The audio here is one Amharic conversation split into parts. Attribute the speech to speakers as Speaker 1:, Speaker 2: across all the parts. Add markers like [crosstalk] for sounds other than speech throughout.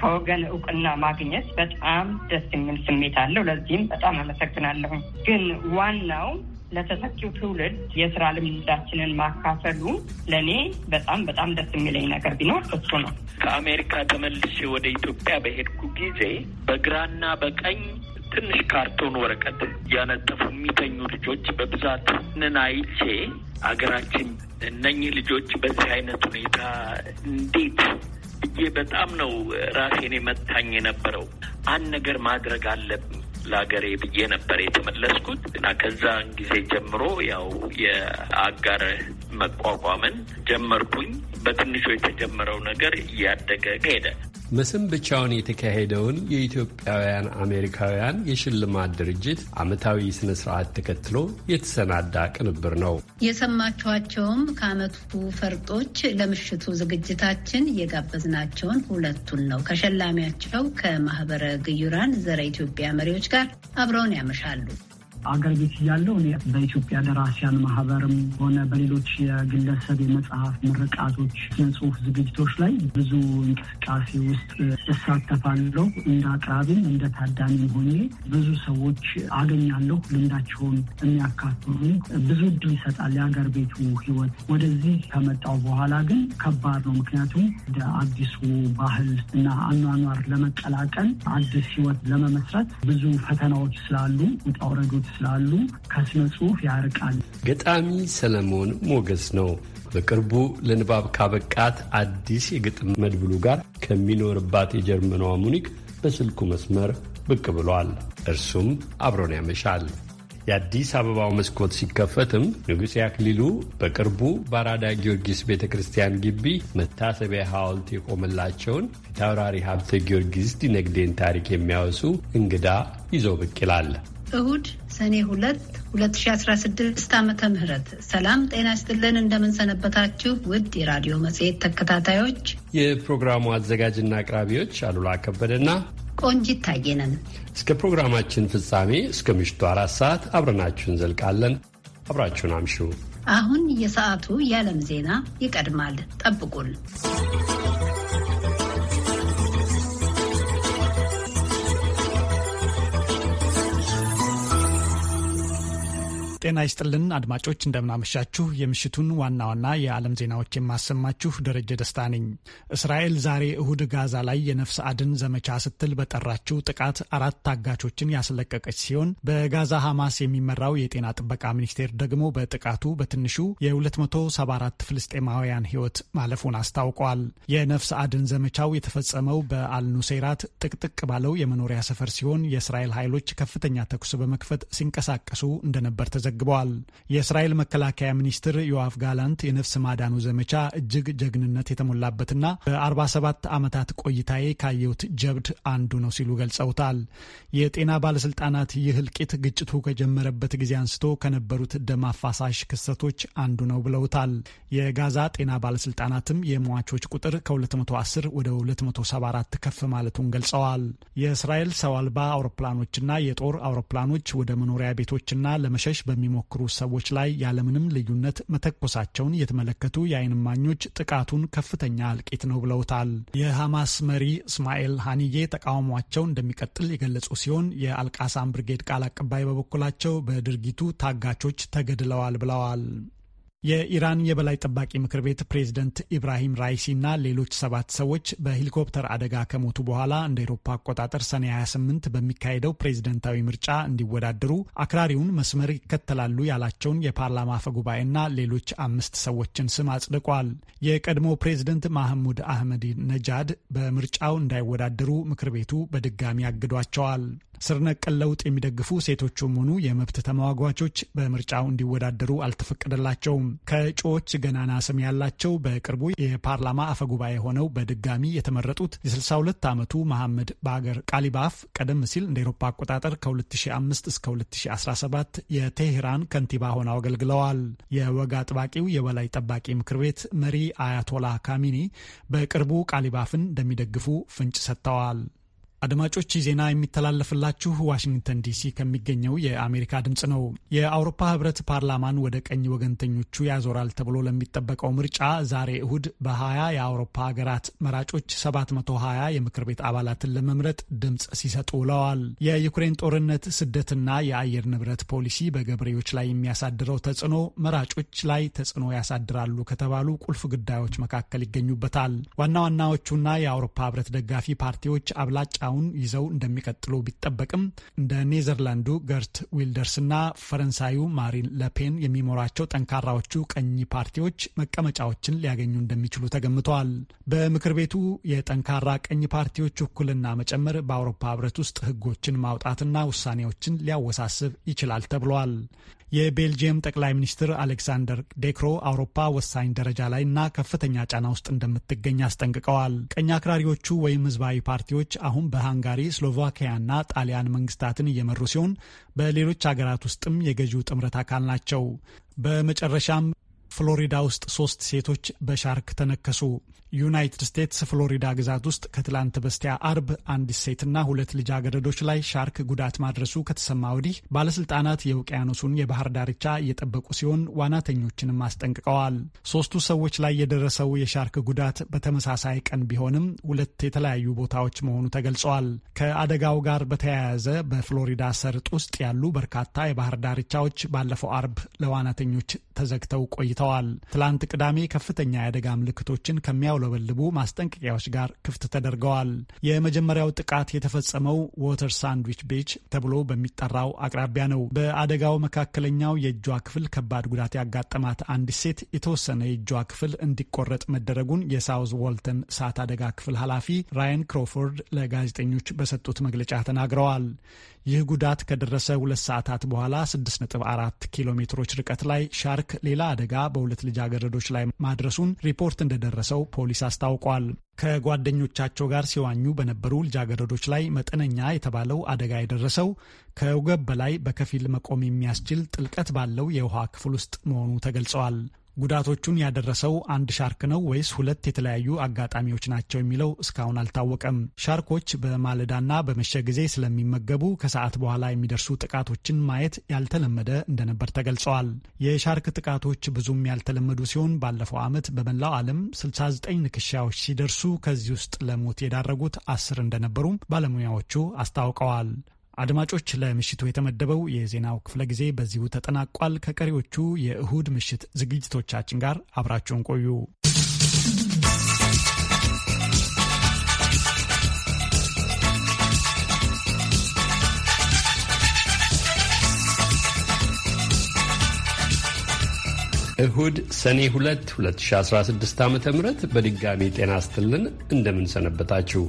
Speaker 1: ከወገን እውቅና ማግኘት በጣም ደስ የሚል ስሜት አለው። ለዚህም በጣም አመሰግናለሁ። ግን ዋናው ለተተኪው ትውልድ የስራ ልምዳችንን ማካፈሉ ለእኔ በጣም በጣም ደስ የሚለኝ ነገር ቢኖር እሱ ነው።
Speaker 2: ከአሜሪካ ተመልሼ ወደ ኢትዮጵያ በሄድኩ ጊዜ በግራና በቀኝ ትንሽ ካርቶን ወረቀት ያነጠፉ የሚተኙ ልጆች በብዛት ንን አይቼ አገራችን እነኚህ ልጆች በዚህ አይነት ሁኔታ እንዴት እጄ በጣም ነው ራሴን መታኝ የነበረው። አንድ ነገር ማድረግ አለብኝ ለሀገሬ ብዬ ነበር የተመለስኩት እና ከዛን ጊዜ ጀምሮ ያው የአጋር መቋቋምን ጀመርኩኝ። በትንሹ የተጀመረው ነገር እያደገ ሄደ።
Speaker 3: ብቻውን የተካሄደውን የኢትዮጵያውያን አሜሪካውያን የሽልማት ድርጅት ዓመታዊ ስነ ስርዓት ተከትሎ የተሰናዳ ቅንብር ነው።
Speaker 4: የሰማችኋቸውም ከዓመቱ ፈርጦች ለምሽቱ ዝግጅታችን የጋበዝናቸውን ሁለቱን ነው። ከሸላሚያቸው ከማህበረ ግዩራን ዘረ ኢትዮጵያ መሪዎች ጋር አብረውን ያመሻሉ።
Speaker 5: አገር ቤት እያለሁ እኔ በኢትዮጵያ ደራሲያን ማህበርም ሆነ በሌሎች የግለሰብ የመጽሐፍ ምርቃቶች፣ ስነ ጽሁፍ ዝግጅቶች ላይ ብዙ እንቅስቃሴ ውስጥ እሳተፋለሁ። እንደ አቅራቢም እንደ ታዳሚም ሆኜ ብዙ ሰዎች አገኛለሁ። ልምዳቸውን የሚያካፍሉ ብዙ እድል ይሰጣል የአገር ቤቱ ህይወት። ወደዚህ ከመጣው በኋላ ግን ከባድ ነው። ምክንያቱም እንደ አዲሱ ባህል እና አኗኗር ለመቀላቀል አዲስ ህይወት ለመመስረት ብዙ ፈተናዎች ስላሉ ውጣ ውረዶች ስላሉ ከስነ ጽሁፍ ያርቃል።
Speaker 3: ገጣሚ ሰለሞን ሞገስ ነው። በቅርቡ ለንባብ ካበቃት አዲስ የግጥም መድብሉ ጋር ከሚኖርባት የጀርመኗ ሙኒክ በስልኩ መስመር ብቅ ብሏል። እርሱም አብሮን ያመሻል። የአዲስ አበባው መስኮት ሲከፈትም ንጉሴ አክሊሉ በቅርቡ በአራዳ ጊዮርጊስ ቤተ ክርስቲያን ግቢ መታሰቢያ ሐውልት የቆመላቸውን የታውራሪ ሀብተ ጊዮርጊስ ዲነግዴን ታሪክ የሚያወሱ እንግዳ ይዞ ብቅ ይላል።
Speaker 4: እሁድ ሰኔ ሁለት ስድስት አመተ ምህረት ሰላም ጤና ይስጥልን። እንደምንሰነበታችሁ ውድ የራዲዮ መጽሔት ተከታታዮች፣
Speaker 3: የፕሮግራሙ አዘጋጅና አቅራቢዎች አሉላ ከበደና
Speaker 4: ቆንጂት ታየነን
Speaker 3: እስከ ፕሮግራማችን ፍጻሜ እስከ ምሽቱ አራት ሰዓት አብረናችሁ እንዘልቃለን። አብራችሁን አምሹ።
Speaker 4: አሁን የሰዓቱ የዓለም ዜና ይቀድማል። ጠብቁን።
Speaker 6: ጤና ይስጥልን አድማጮች፣ እንደምናመሻችሁ። የምሽቱን ዋና ዋና የዓለም ዜናዎች የማሰማችሁ ደረጀ ደስታ ነኝ። እስራኤል ዛሬ እሁድ ጋዛ ላይ የነፍስ አድን ዘመቻ ስትል በጠራችው ጥቃት አራት ታጋቾችን ያስለቀቀች ሲሆን በጋዛ ሐማስ የሚመራው የጤና ጥበቃ ሚኒስቴር ደግሞ በጥቃቱ በትንሹ የ274 ፍልስጤማውያን ሕይወት ማለፉን አስታውቋል። የነፍስ አድን ዘመቻው የተፈጸመው በአልኑሴራት ጥቅጥቅ ባለው የመኖሪያ ሰፈር ሲሆን የእስራኤል ኃይሎች ከፍተኛ ተኩስ በመክፈት ሲንቀሳቀሱ እንደነበር ተዘግ ዘግበዋል። የእስራኤል መከላከያ ሚኒስትር ዮአፍ ጋላንት የነፍስ ማዳኑ ዘመቻ እጅግ ጀግንነት የተሞላበትና በ47 ዓመታት ቆይታዬ ካየሁት ጀብድ አንዱ ነው ሲሉ ገልጸውታል። የጤና ባለስልጣናት ይህ እልቂት ግጭቱ ከጀመረበት ጊዜ አንስቶ ከነበሩት ደም አፋሳሽ ክስተቶች አንዱ ነው ብለውታል። የጋዛ ጤና ባለስልጣናትም የሟቾች ቁጥር ከ210 ወደ 274 ከፍ ማለቱን ገልጸዋል። የእስራኤል ሰው አልባ አውሮፕላኖችና የጦር አውሮፕላኖች ወደ መኖሪያ ቤቶችና ለመሸሽ በሚ በሚሞክሩ ሰዎች ላይ ያለምንም ልዩነት መተኮሳቸውን የተመለከቱ የአይን እማኞች ጥቃቱን ከፍተኛ እልቂት ነው ብለውታል። የሐማስ መሪ እስማኤል ሀኒዬ ተቃውሟቸው እንደሚቀጥል የገለጹ ሲሆን የአልቃሳም ብርጌድ ቃል አቀባይ በበኩላቸው በድርጊቱ ታጋቾች ተገድለዋል ብለዋል። የኢራን የበላይ ጠባቂ ምክር ቤት ፕሬዝደንት ኢብራሂም ራይሲና ሌሎች ሰባት ሰዎች በሄሊኮፕተር አደጋ ከሞቱ በኋላ እንደ ኤሮፓ አቆጣጠር ሰኔ 28 በሚካሄደው ፕሬዝደንታዊ ምርጫ እንዲወዳደሩ አክራሪውን መስመር ይከተላሉ ያላቸውን የፓርላማ አፈጉባኤና ሌሎች አምስት ሰዎችን ስም አጽድቋል። የቀድሞ ፕሬዝደንት ማህሙድ አህመድ ነጃድ በምርጫው እንዳይወዳደሩ ምክር ቤቱ በድጋሚ አግዷቸዋል። ስር ለውጥ የሚደግፉ ሴቶቹም ሆኑ የመብት ተሟጋቾች በምርጫው እንዲወዳደሩ አልተፈቀደላቸውም። ከእጩዎች ገናና ስም ያላቸው በቅርቡ የፓርላማ አፈጉባኤ ሆነው በድጋሚ የተመረጡት የ62 ዓመቱ መሐመድ በአገር ቃሊባፍ ቀደም ሲል እንደ ኤሮፓ አቆጣጠር ከ2005 እስከ 2017 የቴሄራን ከንቲባ ሆነው አገልግለዋል። የወግ አጥባቂው የበላይ ጠባቂ ምክር ቤት መሪ አያቶላ ካሚኒ በቅርቡ ቃሊባፍን እንደሚደግፉ ፍንጭ ሰጥተዋል። አድማጮች ዜና የሚተላለፍላችሁ ዋሽንግተን ዲሲ ከሚገኘው የአሜሪካ ድምፅ ነው። የአውሮፓ ህብረት ፓርላማን ወደ ቀኝ ወገንተኞቹ ያዞራል ተብሎ ለሚጠበቀው ምርጫ ዛሬ እሁድ በ20 የአውሮፓ ሀገራት መራጮች 720 የምክር ቤት አባላትን ለመምረጥ ድምፅ ሲሰጡ ውለዋል። የዩክሬን ጦርነት፣ ስደትና የአየር ንብረት ፖሊሲ በገበሬዎች ላይ የሚያሳድረው ተጽዕኖ መራጮች ላይ ተጽዕኖ ያሳድራሉ ከተባሉ ቁልፍ ጉዳዮች መካከል ይገኙበታል። ዋና ዋናዎቹና የአውሮፓ ህብረት ደጋፊ ፓርቲዎች አብላጫ እስካሁን ይዘው እንደሚቀጥሉ ቢጠበቅም እንደ ኔዘርላንዱ ገርት ዊልደርስና ፈረንሳዩ ማሪን ለፔን የሚመሯቸው ጠንካራዎቹ ቀኝ ፓርቲዎች መቀመጫዎችን ሊያገኙ እንደሚችሉ ተገምተዋል። በምክር ቤቱ የጠንካራ ቀኝ ፓርቲዎች እኩልና መጨመር በአውሮፓ ህብረት ውስጥ ህጎችን ማውጣትና ውሳኔዎችን ሊያወሳስብ ይችላል ተብሏል። የቤልጅየም ጠቅላይ ሚኒስትር አሌክሳንደር ዴክሮ አውሮፓ ወሳኝ ደረጃ ላይ እና ከፍተኛ ጫና ውስጥ እንደምትገኝ አስጠንቅቀዋል። ቀኝ አክራሪዎቹ ወይም ህዝባዊ ፓርቲዎች አሁን በሃንጋሪ እና ጣሊያን መንግስታትን እየመሩ ሲሆን በሌሎች ሀገራት ውስጥም የገዢው ጥምረት አካል ናቸው። በመጨረሻም ፍሎሪዳ ውስጥ ሶስት ሴቶች በሻርክ ተነከሱ። ዩናይትድ ስቴትስ ፍሎሪዳ ግዛት ውስጥ ከትላንት በስቲያ አርብ አንዲት ሴትና ሁለት ልጃገረዶች ላይ ሻርክ ጉዳት ማድረሱ ከተሰማ ወዲህ ባለስልጣናት የውቅያኖሱን የባህር ዳርቻ እየጠበቁ ሲሆን ዋናተኞችንም አስጠንቅቀዋል። ሶስቱ ሰዎች ላይ የደረሰው የሻርክ ጉዳት በተመሳሳይ ቀን ቢሆንም ሁለት የተለያዩ ቦታዎች መሆኑ ተገልጸዋል። ከአደጋው ጋር በተያያዘ በፍሎሪዳ ሰርጥ ውስጥ ያሉ በርካታ የባህር ዳርቻዎች ባለፈው አርብ ለዋናተኞች ተዘግተው ቆይተዋል። ትላንት ቅዳሜ ከፍተኛ የአደጋ ምልክቶችን ከሚያ እንዳያውለበልቡ ማስጠንቀቂያዎች ጋር ክፍት ተደርገዋል። የመጀመሪያው ጥቃት የተፈጸመው ዎተር ሳንድዊች ቤች ተብሎ በሚጠራው አቅራቢያ ነው። በአደጋው መካከለኛው የእጇ ክፍል ከባድ ጉዳት ያጋጠማት አንዲት ሴት የተወሰነ የእጇ ክፍል እንዲቆረጥ መደረጉን የሳውዝ ዎልተን እሳት አደጋ ክፍል ኃላፊ ራያን ክሮፎርድ ለጋዜጠኞች በሰጡት መግለጫ ተናግረዋል። ይህ ጉዳት ከደረሰ ሁለት ሰዓታት በኋላ 6.4 ኪሎ ሜትሮች ርቀት ላይ ሻርክ ሌላ አደጋ በሁለት ልጃገረዶች ላይ ማድረሱን ሪፖርት እንደደረሰው ፖ ፖሊስ አስታውቋል። ከጓደኞቻቸው ጋር ሲዋኙ በነበሩ ልጃገረዶች ላይ መጠነኛ የተባለው አደጋ የደረሰው ከወገብ በላይ በከፊል መቆም የሚያስችል ጥልቀት ባለው የውሃ ክፍል ውስጥ መሆኑ ተገልጸዋል። ጉዳቶቹን ያደረሰው አንድ ሻርክ ነው ወይስ ሁለት የተለያዩ አጋጣሚዎች ናቸው የሚለው እስካሁን አልታወቀም። ሻርኮች በማለዳና በመሸ ጊዜ ስለሚመገቡ ከሰዓት በኋላ የሚደርሱ ጥቃቶችን ማየት ያልተለመደ እንደነበር ተገልጸዋል። የሻርክ ጥቃቶች ብዙም ያልተለመዱ ሲሆን ባለፈው ዓመት በመላው ዓለም 69 ንክሻዎች ሲደርሱ ከዚህ ውስጥ ለሞት የዳረጉት አስር እንደነበሩም ባለሙያዎቹ አስታውቀዋል። አድማጮች፣ ለምሽቱ የተመደበው የዜናው ክፍለ ጊዜ በዚሁ ተጠናቋል። ከቀሪዎቹ የእሁድ ምሽት ዝግጅቶቻችን ጋር አብራችሁን ቆዩ።
Speaker 3: እሁድ ሰኔ 2 2016 ዓ ም በድጋሚ ጤና ስትልን እንደምንሰነበታችሁ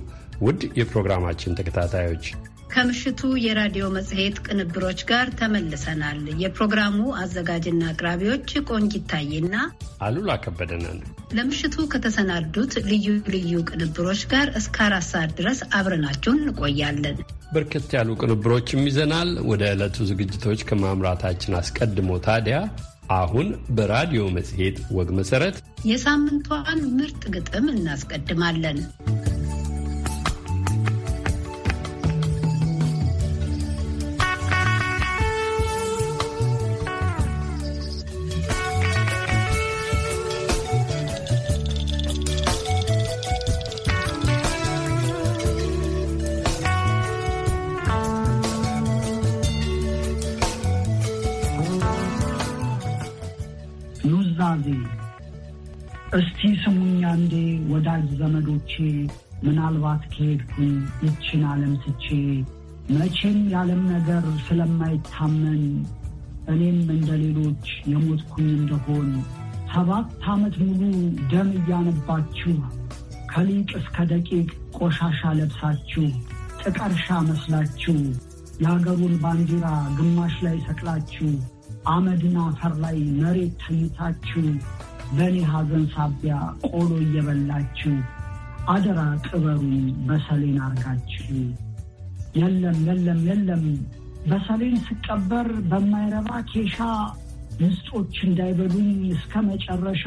Speaker 3: ውድ የፕሮግራማችን ተከታታዮች
Speaker 4: ከምሽቱ የራዲዮ መጽሔት ቅንብሮች ጋር ተመልሰናል። የፕሮግራሙ አዘጋጅና አቅራቢዎች ቆንጅ ይታይና
Speaker 3: አሉላ ከበደናል።
Speaker 4: ለምሽቱ ከተሰናዱት ልዩ ልዩ ቅንብሮች ጋር እስከ አራት ሰዓት ድረስ አብረናችሁን እንቆያለን።
Speaker 3: በርከት ያሉ ቅንብሮችም ይዘናል። ወደ ዕለቱ ዝግጅቶች ከማምራታችን አስቀድሞ ታዲያ አሁን በራዲዮ መጽሔት ወግ መሠረት
Speaker 4: የሳምንቷን ምርጥ ግጥም እናስቀድማለን።
Speaker 5: ጊዜ እስቲ ስሙኛ አንዴ ወዳጅ ዘመዶቼ፣ ምናልባት ከሄድኩኝ ይችን ዓለም ትቼ መቼም የዓለም ነገር ስለማይታመን እኔም እንደ ሌሎች የሞትኩኝ እንደሆን ሰባት ዓመት ሙሉ ደም እያነባችሁ ከሊቅ እስከ ደቂቅ ቆሻሻ ለብሳችሁ ጥቀርሻ መስላችሁ የአገሩን ባንዲራ ግማሽ ላይ ሰቅላችሁ አመድና አፈር ላይ መሬት ተኝታችሁ በእኔ ሀዘን ሳቢያ ቆሎ እየበላችሁ አደራ ቅበሩኝ በሰሌን አርጋችሁ። የለም የለም የለም በሰሌን ስቀበር በማይረባ ኬሻ ንስጦች እንዳይበሉኝ እስከ መጨረሻ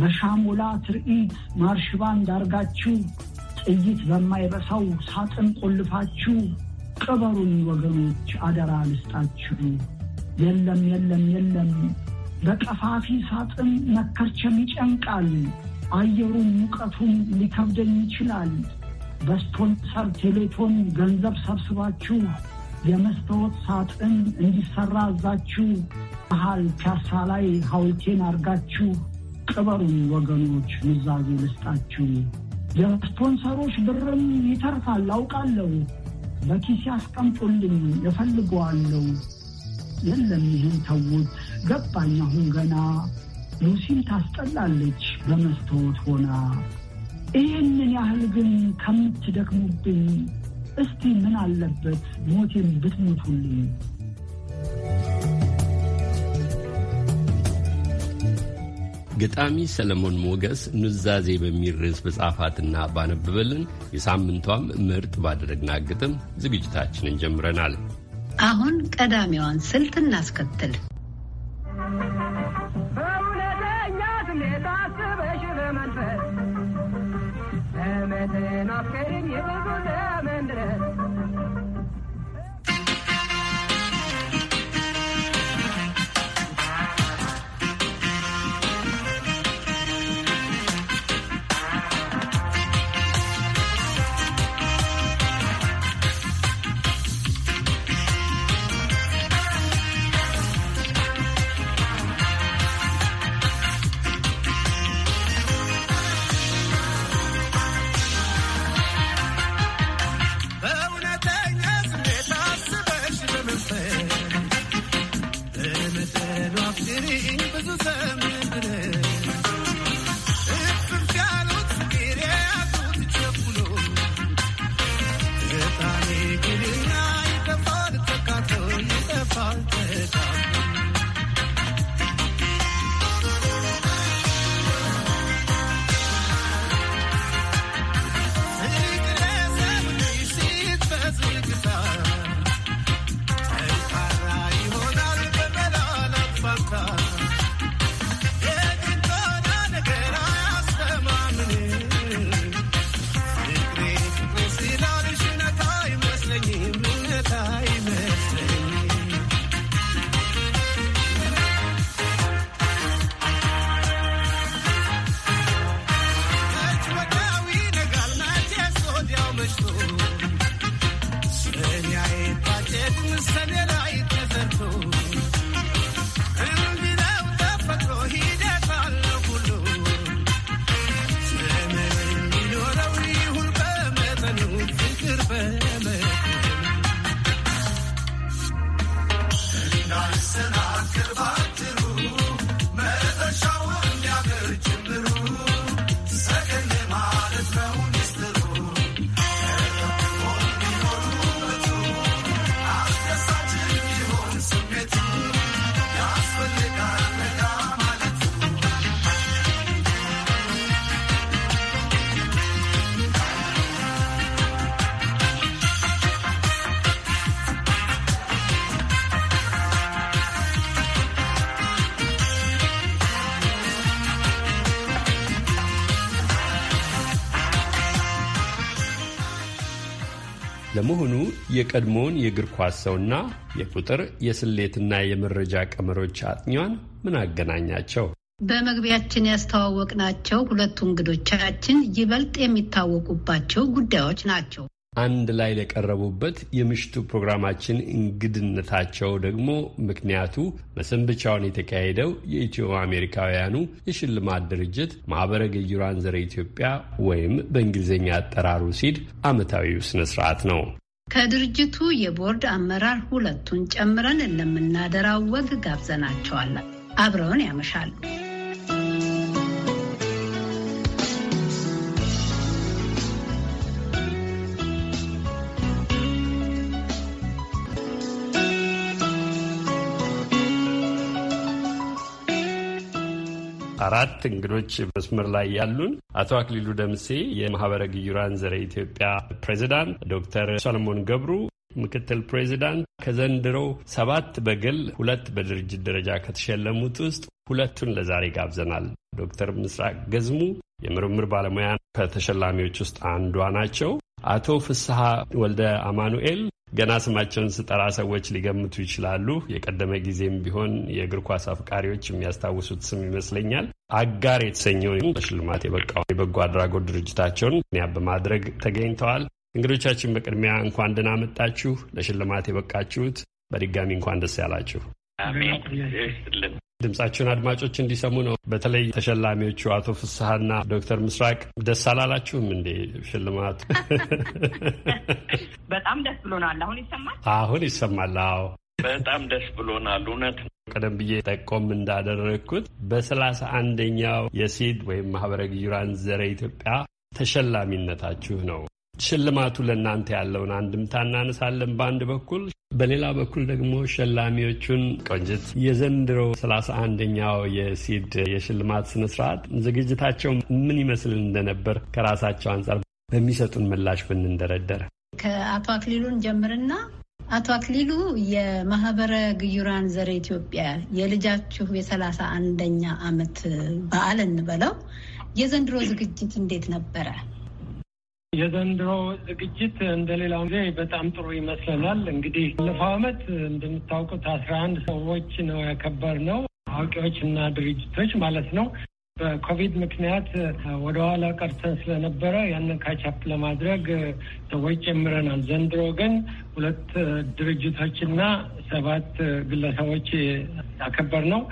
Speaker 5: በሻሞላ ትርኢት ማርሽባ እንዳርጋችሁ ጥይት በማይበሳው ሳጥን ቆልፋችሁ ቅበሩኝ ወገኖች አደራ ልስጣችሁ። የለም የለም የለም በቀፋፊ ሳጥን መከርቸም ይጨንቃል። አየሩ ሙቀቱን ሊከብደኝ ይችላል። በስፖንሰር ቴሌቶን ገንዘብ ሰብስባችሁ የመስታወት ሳጥን እንዲሰራ አዛችሁ መሃል ፒያሳ ላይ ሐውልቴን አርጋችሁ ቅበሩኝ ወገኖች፣ ምዛዜ ልስጣችሁ። የስፖንሰሮች ብርም ይተርፋል አውቃለሁ። በኪስ ያስቀምጡልኝ እፈልገዋለሁ። የለም ይህን ተውት፣ ገባኝ አሁን ገና ሉሲም ታስጠላለች በመስታወት ሆና። ይህንን ያህል ግን ከምትደክሙብኝ እስቲ ምን አለበት ሞቴም ብትሞቱልኝ።
Speaker 3: ገጣሚ ሰለሞን ሞገስ ኑዛዜ በሚል ርዕስ በጻፋትና ባነብበልን የሳምንቷም ምርጥ ባደረግና ግጥም ዝግጅታችንን ጀምረናል።
Speaker 4: አሁን ቀዳሚዋን ስልት እናስከትል።
Speaker 7: I'm salir
Speaker 3: የቀድሞውን የእግር ኳስ ሰውና የቁጥር የስሌትና የመረጃ ቀመሮች አጥኚዋን ምን አገናኛቸው?
Speaker 4: በመግቢያችን ያስተዋወቅናቸው ሁለቱ እንግዶቻችን ይበልጥ የሚታወቁባቸው ጉዳዮች ናቸው።
Speaker 3: አንድ ላይ ለቀረቡበት የምሽቱ ፕሮግራማችን እንግድነታቸው ደግሞ ምክንያቱ መሰንብቻውን የተካሄደው የኢትዮ አሜሪካውያኑ የሽልማት ድርጅት ማኅበረ ገይሯን ዘረ ኢትዮጵያ ወይም በእንግሊዝኛ አጠራሩ ሲድ ዓመታዊው ስነ ስርዓት ነው።
Speaker 4: ከድርጅቱ የቦርድ አመራር ሁለቱን ጨምረን ለምናደራው ወግ ጋብዘናቸዋለን። አብረውን ያመሻሉ።
Speaker 3: አራት እንግዶች መስመር ላይ ያሉን አቶ አክሊሉ ደምሴ የማህበረ ግዩራን ዘረ ኢትዮጵያ ፕሬዚዳንት፣ ዶክተር ሰለሞን ገብሩ ምክትል ፕሬዚዳንት፣ ከዘንድሮው ሰባት በግል ሁለት በድርጅት ደረጃ ከተሸለሙት ውስጥ ሁለቱን ለዛሬ ጋብዘናል። ዶክተር ምስራቅ ገዝሙ የምርምር ባለሙያ ከተሸላሚዎች ውስጥ አንዷ ናቸው። አቶ ፍስሐ ወልደ አማኑኤል ገና ስማቸውን ስጠራ ሰዎች ሊገምቱ ይችላሉ። የቀደመ ጊዜም ቢሆን የእግር ኳስ አፍቃሪዎች የሚያስታውሱት ስም ይመስለኛል። አጋር የተሰኘውን በሽልማት የበቃው የበጎ አድራጎት ድርጅታቸውን ያ በማድረግ ተገኝተዋል። እንግዶቻችን በቅድሚያ እንኳን ደህና መጣችሁ። ለሽልማት የበቃችሁት በድጋሚ እንኳን ደስ ያላችሁ። ድምጻቸውን አድማጮች እንዲሰሙ ነው። በተለይ ተሸላሚዎቹ አቶ ፍስሐና ዶክተር ምስራቅ ደስ አላላችሁም እንዴ? ሽልማቱ [laughs]
Speaker 1: በጣም ደስ ብሎናል። አሁን ይሰማል፣
Speaker 3: አሁን ይሰማል። አዎ
Speaker 2: በጣም ደስ ብሎናል። እውነት ነው።
Speaker 3: ቀደም ብዬ ጠቆም እንዳደረግኩት በሰላሳ አንደኛው የሲድ ወይም ማህበረ ግዩራን ዘረ ኢትዮጵያ ተሸላሚነታችሁ ነው ሽልማቱ ለእናንተ ያለውን አንድምታ እናነሳለን በአንድ በኩል በሌላ በኩል ደግሞ ሸላሚዎቹን ቆንጅት የዘንድሮ ሰላሳ አንደኛው የሲድ የሽልማት ስነስርዓት ዝግጅታቸው ምን ይመስል እንደነበር ከራሳቸው አንጻር በሚሰጡን ምላሽ ብንንደረደር
Speaker 4: ከአቶ አክሊሉን ጀምርና አቶ አክሊሉ የማህበረ ግዩራን ዘረ ኢትዮጵያ የልጃችሁ የሰላሳ አንደኛ አመት በዓል እንበለው የዘንድሮ ዝግጅት እንዴት ነበረ?
Speaker 8: የዘንድሮ ዝግጅት እንደሌላው ጊዜ በጣም ጥሩ ይመስለናል። እንግዲህ ባለፈው ዓመት እንደምታውቁት አስራ አንድ ሰዎች ነው ነው አዋቂዎች እና ድርጅቶች ማለት ነው። በኮቪድ ምክንያት ወደኋላ ቀርተን ስለነበረ ያንን ካቻፕ ለማድረግ ሰዎች ጨምረናል። ዘንድሮ ግን ሁለት ድርጅቶችና ሰባት ግለሰቦች ያከበር ነው።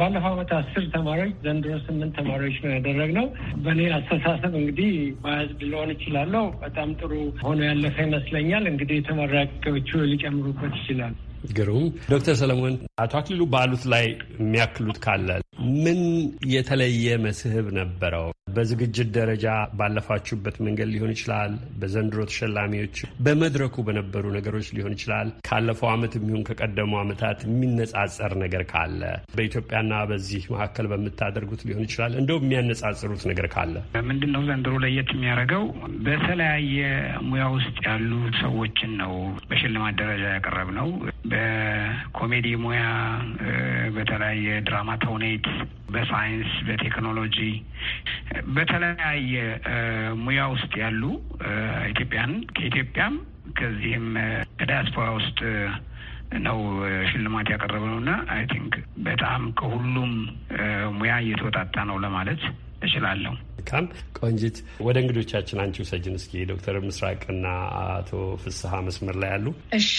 Speaker 8: ባለፈው ዓመት አስር ተማሪዎች ዘንድሮ ስምንት ተማሪዎች ነው ያደረግነው። በእኔ አስተሳሰብ እንግዲህ በህዝብ ሊሆን ይችላለው በጣም ጥሩ ሆኖ ያለፈ ይመስለኛል። እንግዲህ ተመራቂዎቹ ሊጨምሩበት
Speaker 3: ይችላል። ግሩም ዶክተር ሰለሞን አቶ አክሊሉ ባሉት ላይ የሚያክሉት ካለ ምን የተለየ መስህብ ነበረው? በዝግጅት ደረጃ ባለፋችሁበት መንገድ ሊሆን ይችላል። በዘንድሮ ተሸላሚዎች በመድረኩ በነበሩ ነገሮች ሊሆን ይችላል። ካለፈው ዓመት የሚሆን ከቀደሙ ዓመታት የሚነጻጸር ነገር ካለ በኢትዮጵያና በዚህ መካከል በምታደርጉት ሊሆን ይችላል። እንደው የሚያነጻጽሩት ነገር ካለ
Speaker 9: ምንድን ነው? ዘንድሮ ለየት የሚያደርገው በተለያየ ሙያ ውስጥ ያሉ ሰዎችን ነው በሽልማት ደረጃ ያቀረብ ነው። በኮሜዲ ሙያ፣ በተለያየ ድራማ ተውኔት በሳይንስ፣ በቴክኖሎጂ በተለያየ ሙያ ውስጥ ያሉ ኢትዮጵያን ከኢትዮጵያም ከዚህም ከዲያስፖራ ውስጥ ነው ሽልማት ነው እና አይ ቲንክ በጣም ከሁሉም ሙያ እየተወጣጣ ነው ለማለት እችላለሁ።
Speaker 3: መልካም ቆንጂት፣ ወደ እንግዶቻችን አንቺ ውሰጅን እስኪ። ዶክተር ምስራቅና አቶ ፍስሀ መስመር ላይ ያሉ።
Speaker 9: እሺ፣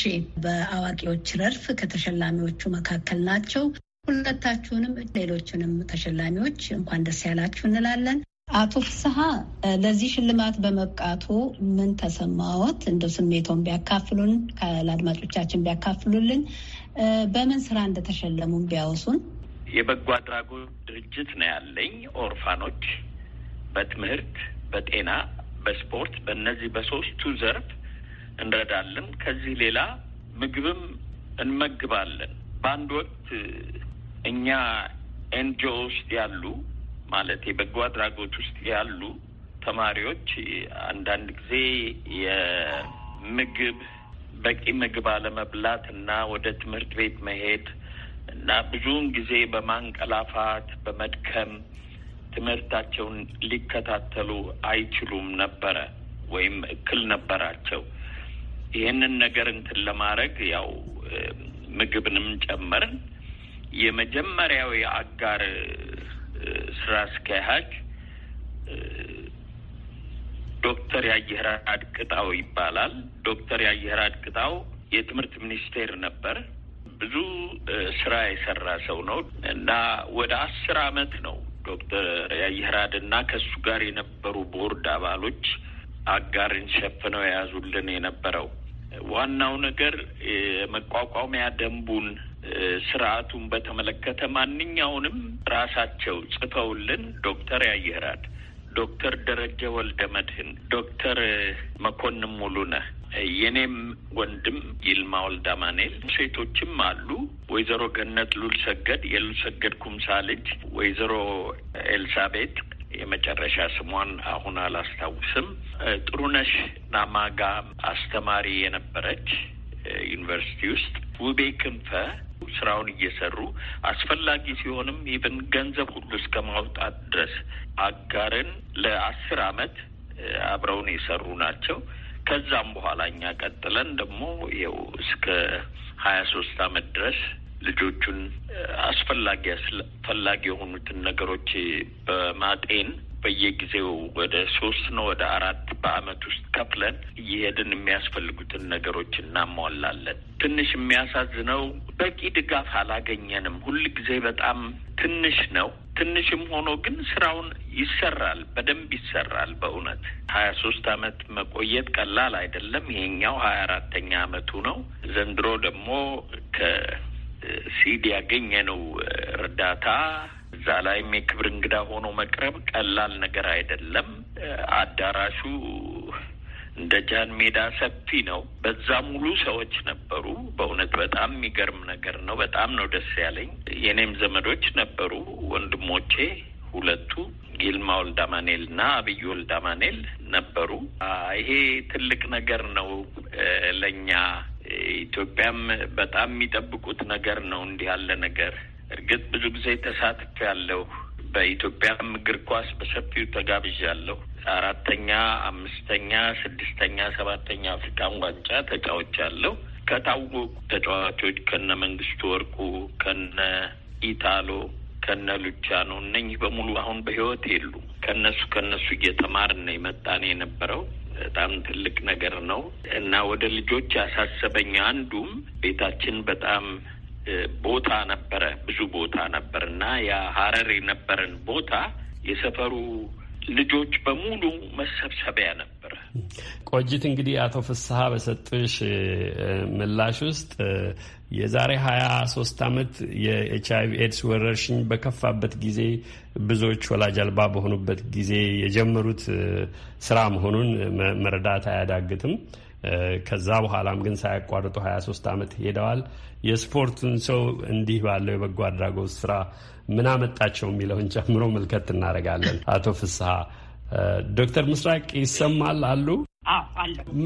Speaker 4: በአዋቂዎች ረድፍ ከተሸላሚዎቹ መካከል ናቸው። ሁለታችሁንም ሌሎችንም ተሸላሚዎች እንኳን ደስ ያላችሁ እንላለን። አቶ ፍስሀ ለዚህ ሽልማት በመብቃቱ ምን ተሰማዎት? እንደው ስሜቶን ቢያካፍሉን ለአድማጮቻችን ቢያካፍሉልን፣ በምን ስራ እንደተሸለሙን ቢያወሱን።
Speaker 2: የበጎ አድራጎት ድርጅት ነው ያለኝ። ኦርፋኖች በትምህርት በጤና በስፖርት በእነዚህ በሶስቱ ዘርፍ እንረዳለን። ከዚህ ሌላ ምግብም እንመግባለን። በአንድ ወቅት እኛ ኤንጂኦ ውስጥ ያሉ ማለት የበጎ አድራጎት ውስጥ ያሉ ተማሪዎች አንዳንድ ጊዜ የምግብ በቂ ምግብ አለመብላት እና ወደ ትምህርት ቤት መሄድ እና ብዙውን ጊዜ በማንቀላፋት በመድከም ትምህርታቸውን ሊከታተሉ አይችሉም ነበረ ወይም እክል ነበራቸው። ይህንን ነገር እንትን ለማድረግ ያው ምግብንም ጨመርን የመጀመሪያው የአጋር ስራ አስኪያጅ ዶክተር ያየህራድ ቅጣው ይባላል። ዶክተር ያየህራድ ቅጣው የትምህርት ሚኒስቴር ነበር። ብዙ ስራ የሰራ ሰው ነው እና ወደ አስር አመት ነው ዶክተር ያየህራድ እና ከሱ ጋር የነበሩ ቦርድ አባሎች አጋርን ሸፍነው የያዙልን የነበረው። ዋናው ነገር የመቋቋሚያ ደንቡን ስርዓቱን በተመለከተ ማንኛውንም ራሳቸው ጽፈውልን ዶክተር ያየራል ዶክተር ደረጀ ወልደ መድህን፣ ዶክተር መኮንን ሙሉነህ የኔም ወንድም ይልማ ወልዳ ማኔል ሴቶችም አሉ። ወይዘሮ ገነት ሉልሰገድ የሉልሰገድ ኩምሳ ልጅ፣ ወይዘሮ ኤልሳቤጥ የመጨረሻ ስሟን አሁን አላስታውስም፣ ጥሩነሽ ናማጋ አስተማሪ የነበረች ዩኒቨርሲቲ ውስጥ፣ ውቤ ክንፈ ስራውን እየሰሩ አስፈላጊ ሲሆንም ይብን ገንዘብ ሁሉ እስከ ማውጣት ድረስ አጋርን ለአስር አመት አብረውን የሰሩ ናቸው። ከዛም በኋላ እኛ ቀጥለን ደግሞ ይኸው እስከ ሀያ ሶስት አመት ድረስ ልጆቹን አስፈላጊ አስፈላጊ የሆኑትን ነገሮች በማጤን በየጊዜው ወደ ሶስት ነው ወደ አራት በአመት ውስጥ ከፍለን እየሄድን የሚያስፈልጉትን ነገሮች እናሟላለን። ትንሽ የሚያሳዝነው በቂ ድጋፍ አላገኘንም። ጊዜ በጣም ትንሽ ነው። ትንሽም ሆኖ ግን ስራውን ይሰራል፣ በደንብ ይሰራል። በእውነት ሀያ ሶስት አመት መቆየት ቀላል አይደለም። ይሄኛው ሀያ አራተኛ አመቱ ነው። ዘንድሮ ደግሞ ከሲድ ያገኘ ነው እርዳታ እዛ ላይም የክብር እንግዳ ሆኖ መቅረብ ቀላል ነገር አይደለም። አዳራሹ እንደ ጃን ሜዳ ሰፊ ነው። በዛ ሙሉ ሰዎች ነበሩ። በእውነት በጣም የሚገርም ነገር ነው። በጣም ነው ደስ ያለኝ። የኔም ዘመዶች ነበሩ፣ ወንድሞቼ ሁለቱ ይልማ ወልዳ ማኔል እና አብይ ወልዳ ማኔል ነበሩ። ይሄ ትልቅ ነገር ነው ለእኛ ኢትዮጵያም በጣም የሚጠብቁት ነገር ነው እንዲህ ያለ ነገር እርግጥ ብዙ ጊዜ ተሳትፍ ያለው በኢትዮጵያም እግር ኳስ በሰፊው ተጋብዣለሁ። አራተኛ፣ አምስተኛ፣ ስድስተኛ፣ ሰባተኛ አፍሪካን ዋንጫ ተጫውቻለሁ። ከታወቁ ተጫዋቾች ከነ መንግስቱ ወርቁ፣ ከነ ኢታሎ፣ ከነ ሉቻኖ እነኚህ በሙሉ አሁን በህይወት የሉ። ከነሱ ከነሱ እየተማርን የመጣን የነበረው። በጣም ትልቅ ነገር ነው እና ወደ ልጆች ያሳሰበኝ አንዱም ቤታችን በጣም ቦታ ነበረ፣ ብዙ ቦታ ነበር እና ያ ሀረር የነበረን ቦታ የሰፈሩ ልጆች በሙሉ መሰብሰቢያ ነበረ።
Speaker 3: ቆጅት እንግዲህ አቶ ፍስሀ በሰጡሽ ምላሽ ውስጥ የዛሬ ሀያ ሶስት ዓመት የኤች አይቪ ኤድስ ወረርሽኝ በከፋበት ጊዜ ብዙዎች ወላጅ አልባ በሆኑበት ጊዜ የጀመሩት ስራ መሆኑን መረዳት አያዳግትም። ከዛ በኋላም ግን ሳያቋርጡ ሀያ ሶስት ዓመት ሄደዋል። የስፖርቱን ሰው እንዲህ ባለው የበጎ አድራጎት ስራ ምን አመጣቸው የሚለውን ጨምሮ ምልከት እናደርጋለን። አቶ ፍስሀ ዶክተር ምስራቅ ይሰማል አሉ።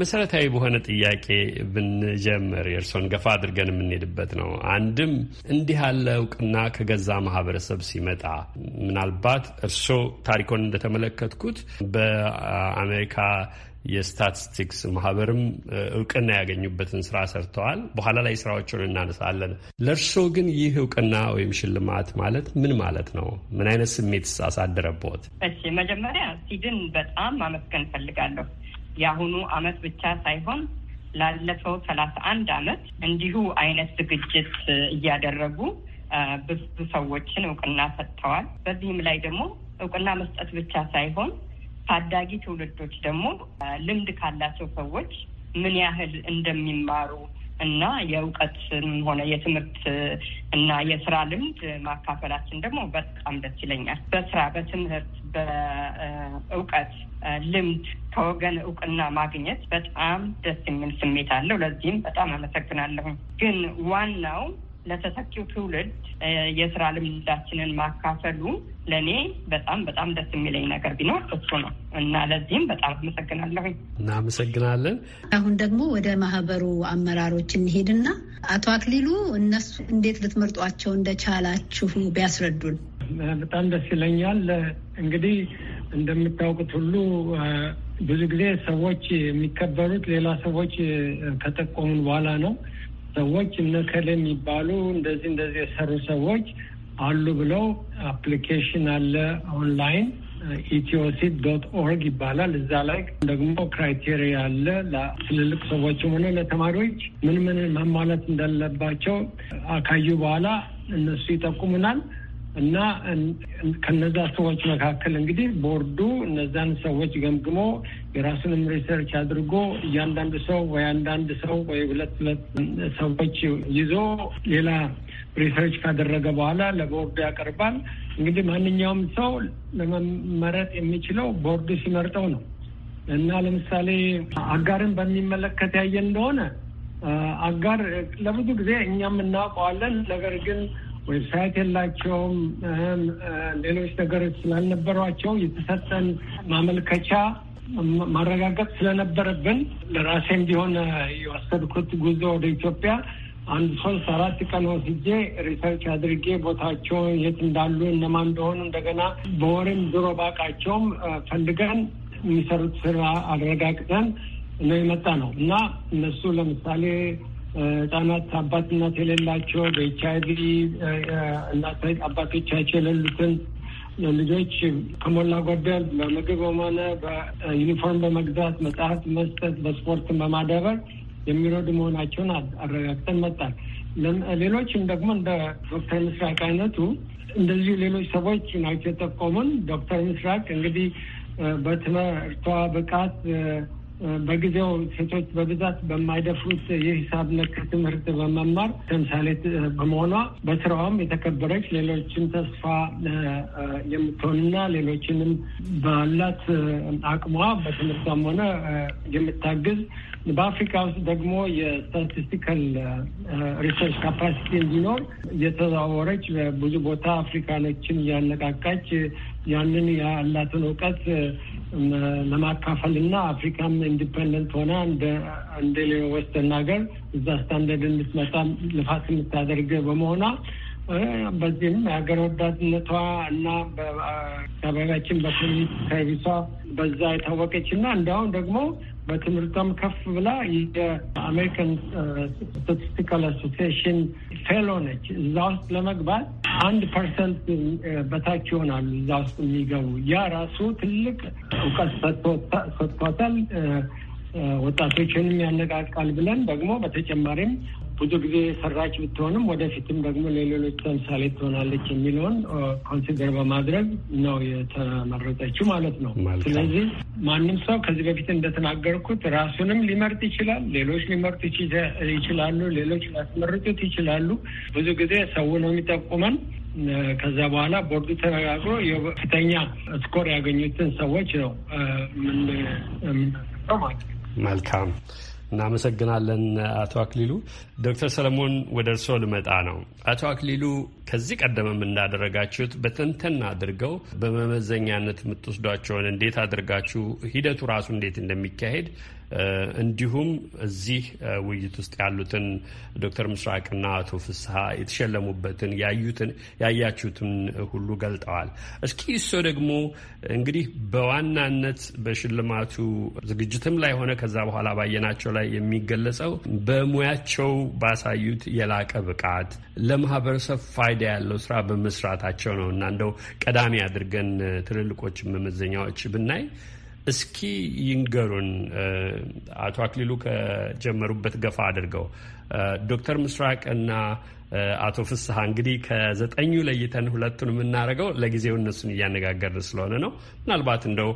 Speaker 3: መሰረታዊ በሆነ ጥያቄ ብንጀምር የእርሶን ገፋ አድርገን የምንሄድበት ነው። አንድም እንዲህ ያለ እውቅና ከገዛ ማህበረሰብ ሲመጣ ምናልባት እርሶ ታሪኮን እንደተመለከትኩት በአሜሪካ የስታቲስቲክስ ማህበርም እውቅና ያገኙበትን ስራ ሰርተዋል። በኋላ ላይ ስራዎችን እናነሳለን። ለእርስዎ ግን ይህ እውቅና ወይም ሽልማት ማለት ምን ማለት ነው? ምን አይነት ስሜት አሳደረብዎት?
Speaker 1: እሺ፣ መጀመሪያ ሲድን በጣም ማመስገን እፈልጋለሁ። የአሁኑ አመት ብቻ ሳይሆን ላለፈው ሰላሳ አንድ አመት እንዲሁ አይነት ዝግጅት እያደረጉ ብዙ ሰዎችን እውቅና ሰጥተዋል። በዚህም ላይ ደግሞ እውቅና መስጠት ብቻ ሳይሆን ታዳጊ ትውልዶች ደግሞ ልምድ ካላቸው ሰዎች ምን ያህል እንደሚማሩ እና የእውቀትም ሆነ የትምህርት እና የስራ ልምድ ማካፈላችን ደግሞ በጣም ደስ ይለኛል። በስራ በትምህርት፣ በእውቀት ልምድ ከወገን እውቅና ማግኘት በጣም ደስ የሚል ስሜት አለው። ለዚህም በጣም አመሰግናለሁኝ። ግን ዋናው ለተተኪው ትውልድ የስራ ልምዳችንን ማካፈሉ ለእኔ በጣም በጣም ደስ የሚለኝ ነገር ቢኖር እሱ ነው እና ለዚህም በጣም አመሰግናለሁ።
Speaker 3: እናመሰግናለን።
Speaker 4: አሁን ደግሞ ወደ ማህበሩ አመራሮች እንሄድና አቶ አክሊሉ እነሱ እንዴት ልትመርጧቸው እንደቻላችሁ ቢያስረዱን።
Speaker 8: በጣም ደስ ይለኛል። እንግዲህ እንደምታውቁት ሁሉ ብዙ ጊዜ ሰዎች የሚከበሩት ሌላ ሰዎች ከጠቆሙን በኋላ ነው። ሰዎች እነከል የሚባሉ እንደዚህ እንደዚህ የሰሩ ሰዎች አሉ ብለው አፕሊኬሽን አለ ኦንላይን ኢትዮሲ ዶት ኦርግ ይባላል። እዛ ላይ ደግሞ ክራይቴሪያ አለ ለትልልቅ ሰዎችም ሆነ ለተማሪዎች ምን ምን መሟላት እንዳለባቸው አካዩ በኋላ እነሱ ይጠቁሙናል። እና ከነዛ ሰዎች መካከል እንግዲህ ቦርዱ እነዛን ሰዎች ገምግሞ የራሱንም ሪሰርች አድርጎ እያንዳንዱ ሰው ወይ አንዳንድ ሰው ወይ ሁለት ሁለት ሰዎች ይዞ ሌላ ሪሰርች ካደረገ በኋላ ለቦርዱ ያቀርባል። እንግዲህ ማንኛውም ሰው ለመመረጥ የሚችለው ቦርዱ ሲመርጠው ነው እና ለምሳሌ አጋርን በሚመለከት ያየን እንደሆነ አጋር ለብዙ ጊዜ እኛም እናውቀዋለን። ነገር ግን ዌብሳይት የላቸውም። ሌሎች ነገሮች ስላልነበሯቸው የተሰጠን ማመልከቻ ማረጋገጥ ስለነበረብን ለራሴም ቢሆን የወሰድኩት ጉዞ ወደ ኢትዮጵያ አንድ ሶስት አራት ቀን ወስጄ ሪሰርች አድርጌ ቦታቸው የት እንዳሉ እነማ እንደሆኑ እንደገና በወሬም ድሮ ባቃቸውም ፈልገን የሚሰሩት ስራ አረጋግጠን ነው የመጣ ነው እና እነሱ ለምሳሌ ህጻናት አባትናት የሌላቸው በኤች አይቪ እናት አባቶቻቸው የሌሉትን ልጆች ከሞላ ጎደል በምግብም ሆነ በዩኒፎርም በመግዛት መጽሐፍ መስጠት፣ በስፖርትን በማዳበር የሚረዱ መሆናቸውን አረጋግጠን መጣል። ሌሎችም ደግሞ እንደ ዶክተር ምስራቅ አይነቱ እንደዚሁ ሌሎች ሰዎች ናቸው የጠቆሙን። ዶክተር ምስራቅ እንግዲህ በትምህርቷ ብቃት በጊዜው ሴቶች በብዛት በማይደፍሩት የሂሳብ ነክ ትምህርት በመማር ተምሳሌት በመሆኗ በስራዋም የተከበረች ሌሎችን ተስፋ የምትሆንና ሌሎችንም ባላት አቅሟ በትምህርቷም ሆነ የምታግዝ በአፍሪካ ውስጥ ደግሞ የስታቲስቲካል ሪሰርች ካፓሲቲ እንዲኖር የተዘዋወረች ብዙ ቦታ አፍሪካኖችን እያነቃቃች ያንን ያላትን እውቀት ለማካፈል እና አፍሪካም ኢንዲፐንደንት ሆና እንደ ወስተን ሀገር እዛ ስታንደርድ እንድትመጣ ልፋት የምታደርግ በመሆኗ በዚህም የሀገር ወዳድነቷ እና አካባቢያችን በኮሚኒቲ ሰርቪሷ በዛ የታወቀች እና እንዲያውም ደግሞ በትምህርቷም ከፍ ብላ የአሜሪካን ስታቲስቲካል አሶሲሽን ፌሎ ነች። እዛ ውስጥ ለመግባት አንድ ፐርሰንት በታች ይሆናሉ እዛ ውስጥ የሚገቡ። ያ ራሱ ትልቅ እውቀት ሰጥቶታል። ወጣቶችንም ያነቃቃል ብለን ደግሞ በተጨማሪም ብዙ ጊዜ የሰራች ብትሆንም ወደፊትም ደግሞ ለሌሎች ተምሳሌ ትሆናለች የሚለውን ኮንሲደር በማድረግ ነው የተመረጠችው ማለት ነው። ስለዚህ ማንም ሰው ከዚህ በፊት እንደተናገርኩት ራሱንም ሊመርጥ ይችላል፣ ሌሎች ሊመርጡ ይችላሉ፣ ሌሎች ሊያስመርጡት ይችላሉ። ብዙ ጊዜ ሰው ነው የሚጠቁመን። ከዛ በኋላ ቦርዱ ተነጋግሮ የከፍተኛ ስኮር ያገኙትን ሰዎች ነው የምንመርጠው
Speaker 5: ማለት ነው።
Speaker 3: መልካም እናመሰግናለን አቶ አክሊሉ። ዶክተር ሰለሞን ወደ እርስዎ ልመጣ ነው። አቶ አክሊሉ ከዚህ ቀደምም እንዳደረጋችሁት በተንተን አድርገው በመመዘኛነት የምትወስዷቸውን እንዴት አድርጋችሁ ሂደቱ ራሱ እንዴት እንደሚካሄድ እንዲሁም እዚህ ውይይት ውስጥ ያሉትን ዶክተር ምስራቅና አቶ ፍስሀ የተሸለሙበትን ያዩትን ያያችሁትን ሁሉ ገልጠዋል። እስኪ እሶ ደግሞ እንግዲህ በዋናነት በሽልማቱ ዝግጅትም ላይ ሆነ ከዛ በኋላ ባየናቸው ላይ የሚገለጸው በሙያቸው ባሳዩት የላቀ ብቃት ለማህበረሰብ ፋይዳ ያለው ስራ በመስራታቸው ነው እና እንደው ቀዳሚ አድርገን ትልልቆች መመዘኛዎች ብናይ እስኪ ይንገሩን አቶ አክሊሉ ከጀመሩበት ገፋ አድርገው ዶክተር ምስራቅ እና አቶ ፍስሀ እንግዲህ ከዘጠኙ ለይተን ሁለቱን የምናደርገው ለጊዜው እነሱን እያነጋገር ስለሆነ ነው። ምናልባት እንደው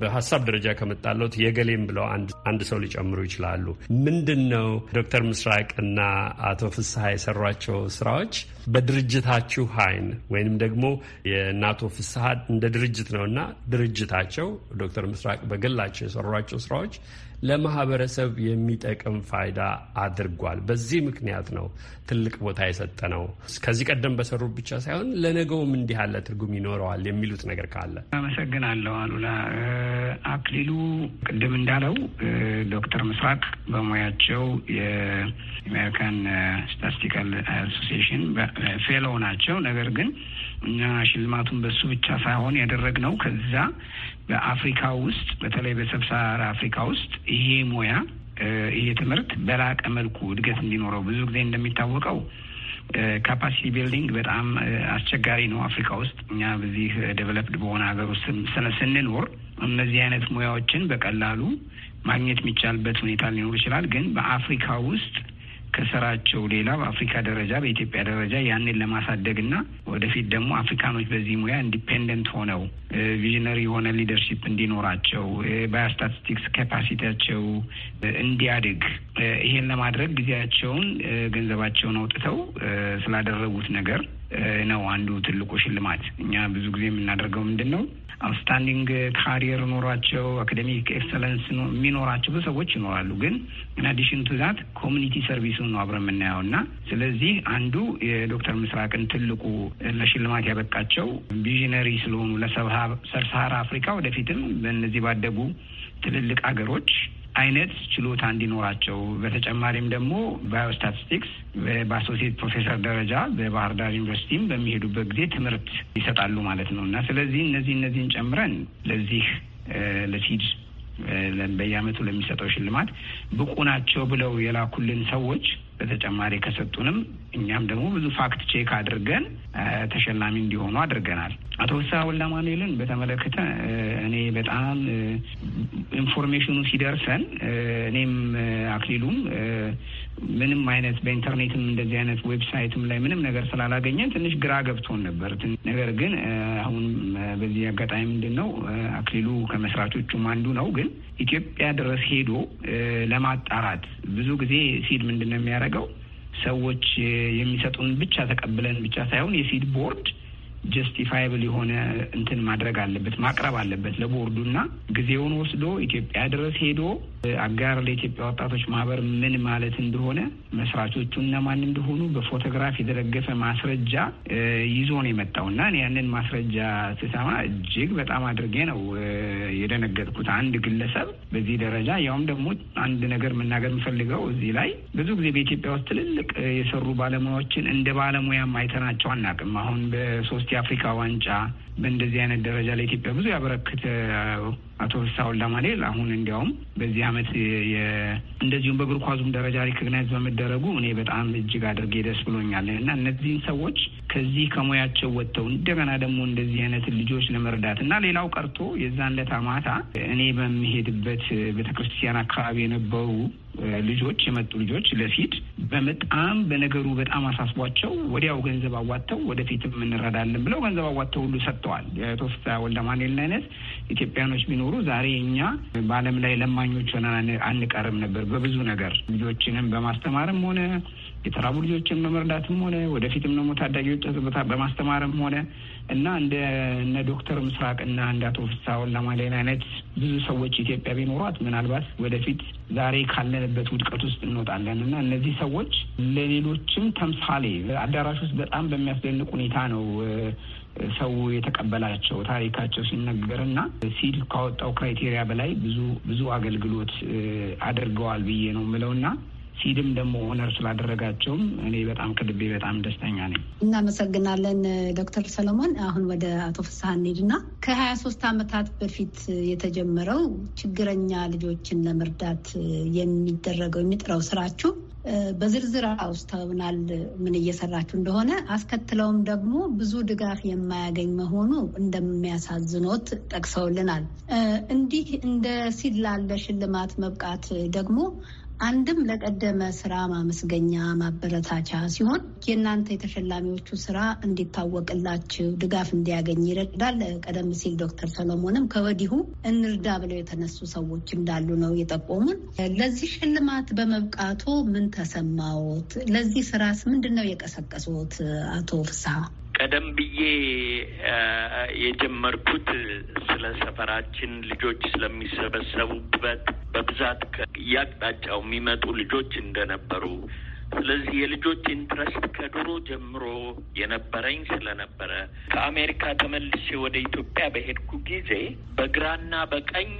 Speaker 3: በሀሳብ ደረጃ ከመጣለት የገሌም ብለው አንድ ሰው ሊጨምሩ ይችላሉ። ምንድን ነው ዶክተር እና አቶ ፍስሀ የሰሯቸው ስራዎች በድርጅታችሁ አይን ወይንም ደግሞ የእናቶ ፍስሀ እንደ ድርጅት እና ድርጅታቸው ዶክተር ምስራቅ በግላቸው የሰሯቸው ስራዎች ለማህበረሰብ የሚጠቅም ፋይዳ አድርጓል። በዚህ ምክንያት ነው ትልቅ ቦታ የሰጠ ነው። ከዚህ ቀደም በሰሩ ብቻ ሳይሆን ለነገውም እንዲህ ያለ ትርጉም ይኖረዋል የሚሉት ነገር ካለ
Speaker 9: አመሰግናለሁ። አሉላ አክሊሉ ቅድም እንዳለው ዶክተር ምስራቅ በሙያቸው የአሜሪካን ስታስቲካል አሶሲሽን ፌሎው ናቸው። ነገር ግን እና ሽልማቱን በሱ ብቻ ሳይሆን ያደረግነው ከዛ በአፍሪካ ውስጥ በተለይ በሰብሳሃራ አፍሪካ ውስጥ ይሄ ሙያ ይሄ ትምህርት በላቀ መልኩ እድገት እንዲኖረው ብዙ ጊዜ እንደሚታወቀው ካፓሲቲ ቢልዲንግ በጣም አስቸጋሪ ነው። አፍሪካ ውስጥ እኛ በዚህ ዴቨሎፕድ በሆነ ሀገር ውስጥ ስንኖር እነዚህ አይነት ሙያዎችን በቀላሉ ማግኘት የሚቻልበት ሁኔታ ሊኖር ይችላል። ግን በአፍሪካ ውስጥ ከስራቸው ሌላ በአፍሪካ ደረጃ በኢትዮጵያ ደረጃ ያንን ለማሳደግና ወደፊት ደግሞ አፍሪካኖች በዚህ ሙያ ኢንዲፔንደንት ሆነው ቪዥነሪ የሆነ ሊደርሺፕ እንዲኖራቸው ባዮስታቲስቲክስ ካፓሲቲያቸው እንዲያድግ ይሄን ለማድረግ ጊዜያቸውን ገንዘባቸውን አውጥተው ስላደረጉት ነገር ነው አንዱ ትልቁ ሽልማት። እኛ ብዙ ጊዜ የምናደርገው ምንድን ነው አውትስታንዲንግ ካሪየር ኖሯቸው አካደሚክ ኤክሰለንስ የሚኖራቸው ብዙ ሰዎች ይኖራሉ። ግን ኢንአዲሽን ቱ ዛት ኮሚኒቲ ሰርቪሱን ነው አብረ የምናየው እና ስለዚህ አንዱ የዶክተር ምስራቅን ትልቁ ለሽልማት ያበቃቸው ቪዥነሪ ስለሆኑ ለሰብሀራ አፍሪካ ወደፊትም በእነዚህ ባደጉ ትልልቅ ሀገሮች አይነት ችሎታ እንዲኖራቸው በተጨማሪም ደግሞ ባዮስታቲስቲክስ በአሶሲየት ፕሮፌሰር ደረጃ በባህር ዳር ዩኒቨርሲቲም በሚሄዱበት ጊዜ ትምህርት ይሰጣሉ ማለት ነው እና ስለዚህ እነዚህ እነዚህን ጨምረን ለዚህ ለሲድ በየአመቱ ለሚሰጠው ሽልማት ብቁ ናቸው ብለው የላኩልን ሰዎች በተጨማሪ ከሰጡንም እኛም ደግሞ ብዙ ፋክት ቼክ አድርገን ተሸላሚ እንዲሆኑ አድርገናል። አቶ ፍስሐ ወልደአማኑኤልን በተመለከተ እኔ በጣም ኢንፎርሜሽኑ ሲደርሰን እኔም አክሊሉም ምንም አይነት በኢንተርኔትም እንደዚህ አይነት ዌብሳይትም ላይ ምንም ነገር ስላላገኘን ትንሽ ግራ ገብቶን ነበር። ነገር ግን አሁን በዚህ አጋጣሚ ምንድን ነው አክሊሉ ከመስራቾቹም አንዱ ነው። ግን ኢትዮጵያ ድረስ ሄዶ ለማጣራት ብዙ ጊዜ ሲድ ምንድን ነው የሚያደርገው የምናደርገው ሰዎች የሚሰጡን ብቻ ተቀብለን ብቻ ሳይሆን የሲድ ቦርድ ጀስቲፋይብል የሆነ እንትን ማድረግ አለበት ማቅረብ አለበት ለቦርዱና ጊዜውን ወስዶ ኢትዮጵያ ድረስ ሄዶ አጋር ለኢትዮጵያ ወጣቶች ማህበር ምን ማለት እንደሆነ መስራቾቹ እነማን እንደሆኑ በፎቶግራፍ የተደገፈ ማስረጃ ይዞ ነው የመጣው እና እኔ ያንን ማስረጃ ስሰማ እጅግ በጣም አድርጌ ነው የደነገጥኩት። አንድ ግለሰብ በዚህ ደረጃ ያውም ደግሞ አንድ ነገር መናገር የምፈልገው እዚህ ላይ ብዙ ጊዜ በኢትዮጵያ ውስጥ ትልልቅ የሰሩ ባለሙያዎችን እንደ ባለሙያም አይተናቸው አናውቅም። አሁን በሶስት የአፍሪካ ዋንጫ በእንደዚህ አይነት ደረጃ ለኢትዮጵያ ብዙ ያበረክተ አቶ ሳውል ወልደማርያም አሁን እንዲያውም በዚህ አመት እንደዚሁም በእግር ኳዙም ደረጃ ሪክግናይዝ በመደረጉ እኔ በጣም እጅግ አድርጌ ደስ ብሎኛል እና እነዚህን ሰዎች ከዚህ ከሙያቸው ወጥተው እንደገና ደግሞ እንደዚህ አይነት ልጆች ለመርዳት እና ሌላው ቀርቶ የዛን ለታ ማታ እኔ በምሄድበት ቤተክርስቲያን አካባቢ የነበሩ ልጆች የመጡ ልጆች ለፊድ በጣም በነገሩ በጣም አሳስቧቸው ወዲያው ገንዘብ አዋጥተው ወደፊትም እንረዳለን ብለው ገንዘብ አዋጥተው ሁሉ ሰጥተዋል። የቶስታ ማንኤል አይነት ኢትዮጵያኖች ቢኖሩ ዛሬ እኛ በዓለም ላይ ለማኞች ሆነን አንቀርም ነበር። በብዙ ነገር ልጆችንም በማስተማርም ሆነ የተራቡ ልጆችን በመርዳትም ሆነ ወደፊትም ደግሞ ታዳጊዎች በማስተማርም ሆነ እና እንደ ዶክተር ምስራቅ እና እንደ አቶ ፍስሐ ለማሌን አይነት ብዙ ሰዎች ኢትዮጵያ ቢኖሯት ምናልባት ወደፊት ዛሬ ካለንበት ውድቀት ውስጥ እንወጣለን እና እነዚህ ሰዎች ለሌሎችም ተምሳሌ አዳራሽ ውስጥ በጣም በሚያስደንቅ ሁኔታ ነው ሰው የተቀበላቸው ታሪካቸው ሲነገር እና ሲል ካወጣው ክራይቴሪያ በላይ ብዙ ብዙ አገልግሎት አድርገዋል ብዬ ነው የምለው እና ሲድም ደግሞ ሆነር ስላደረጋቸውም እኔ በጣም ከልቤ በጣም ደስተኛ ነኝ።
Speaker 4: እናመሰግናለን ዶክተር ሰለሞን። አሁን ወደ አቶ ፍስሀ እንሂድና ከሀያ ሶስት አመታት በፊት የተጀመረው ችግረኛ ልጆችን ለመርዳት የሚደረገው የሚጥረው ስራችሁ በዝርዝር አውስተውናል ምን እየሰራችሁ እንደሆነ። አስከትለውም ደግሞ ብዙ ድጋፍ የማያገኝ መሆኑ እንደሚያሳዝኖት ጠቅሰውልናል። እንዲህ እንደ ሲድ ላለ ሽልማት መብቃት ደግሞ አንድም ለቀደመ ስራ ማመስገኛ ማበረታቻ ሲሆን የእናንተ የተሸላሚዎቹ ስራ እንዲታወቅላችሁ ድጋፍ እንዲያገኝ ይረዳል። ቀደም ሲል ዶክተር ሰለሞንም ከወዲሁ እንርዳ ብለው የተነሱ ሰዎች እንዳሉ ነው የጠቆሙን። ለዚህ ሽልማት በመብቃቶ ምን ተሰማዎት? ለዚህ ስራስ ምንድን ነው የቀሰቀሱት? አቶ ፍስሐ
Speaker 2: ቀደም ብዬ የጀመርኩት ስለ ሰፈራችን ልጆች ስለሚሰበሰቡበት በብዛት እያቅጣጫው የሚመጡ ልጆች እንደነበሩ ስለዚህ የልጆች ኢንትረስት ከድሮ ጀምሮ የነበረኝ ስለነበረ ከአሜሪካ ተመልሼ ወደ ኢትዮጵያ በሄድኩ ጊዜ በግራና በቀኝ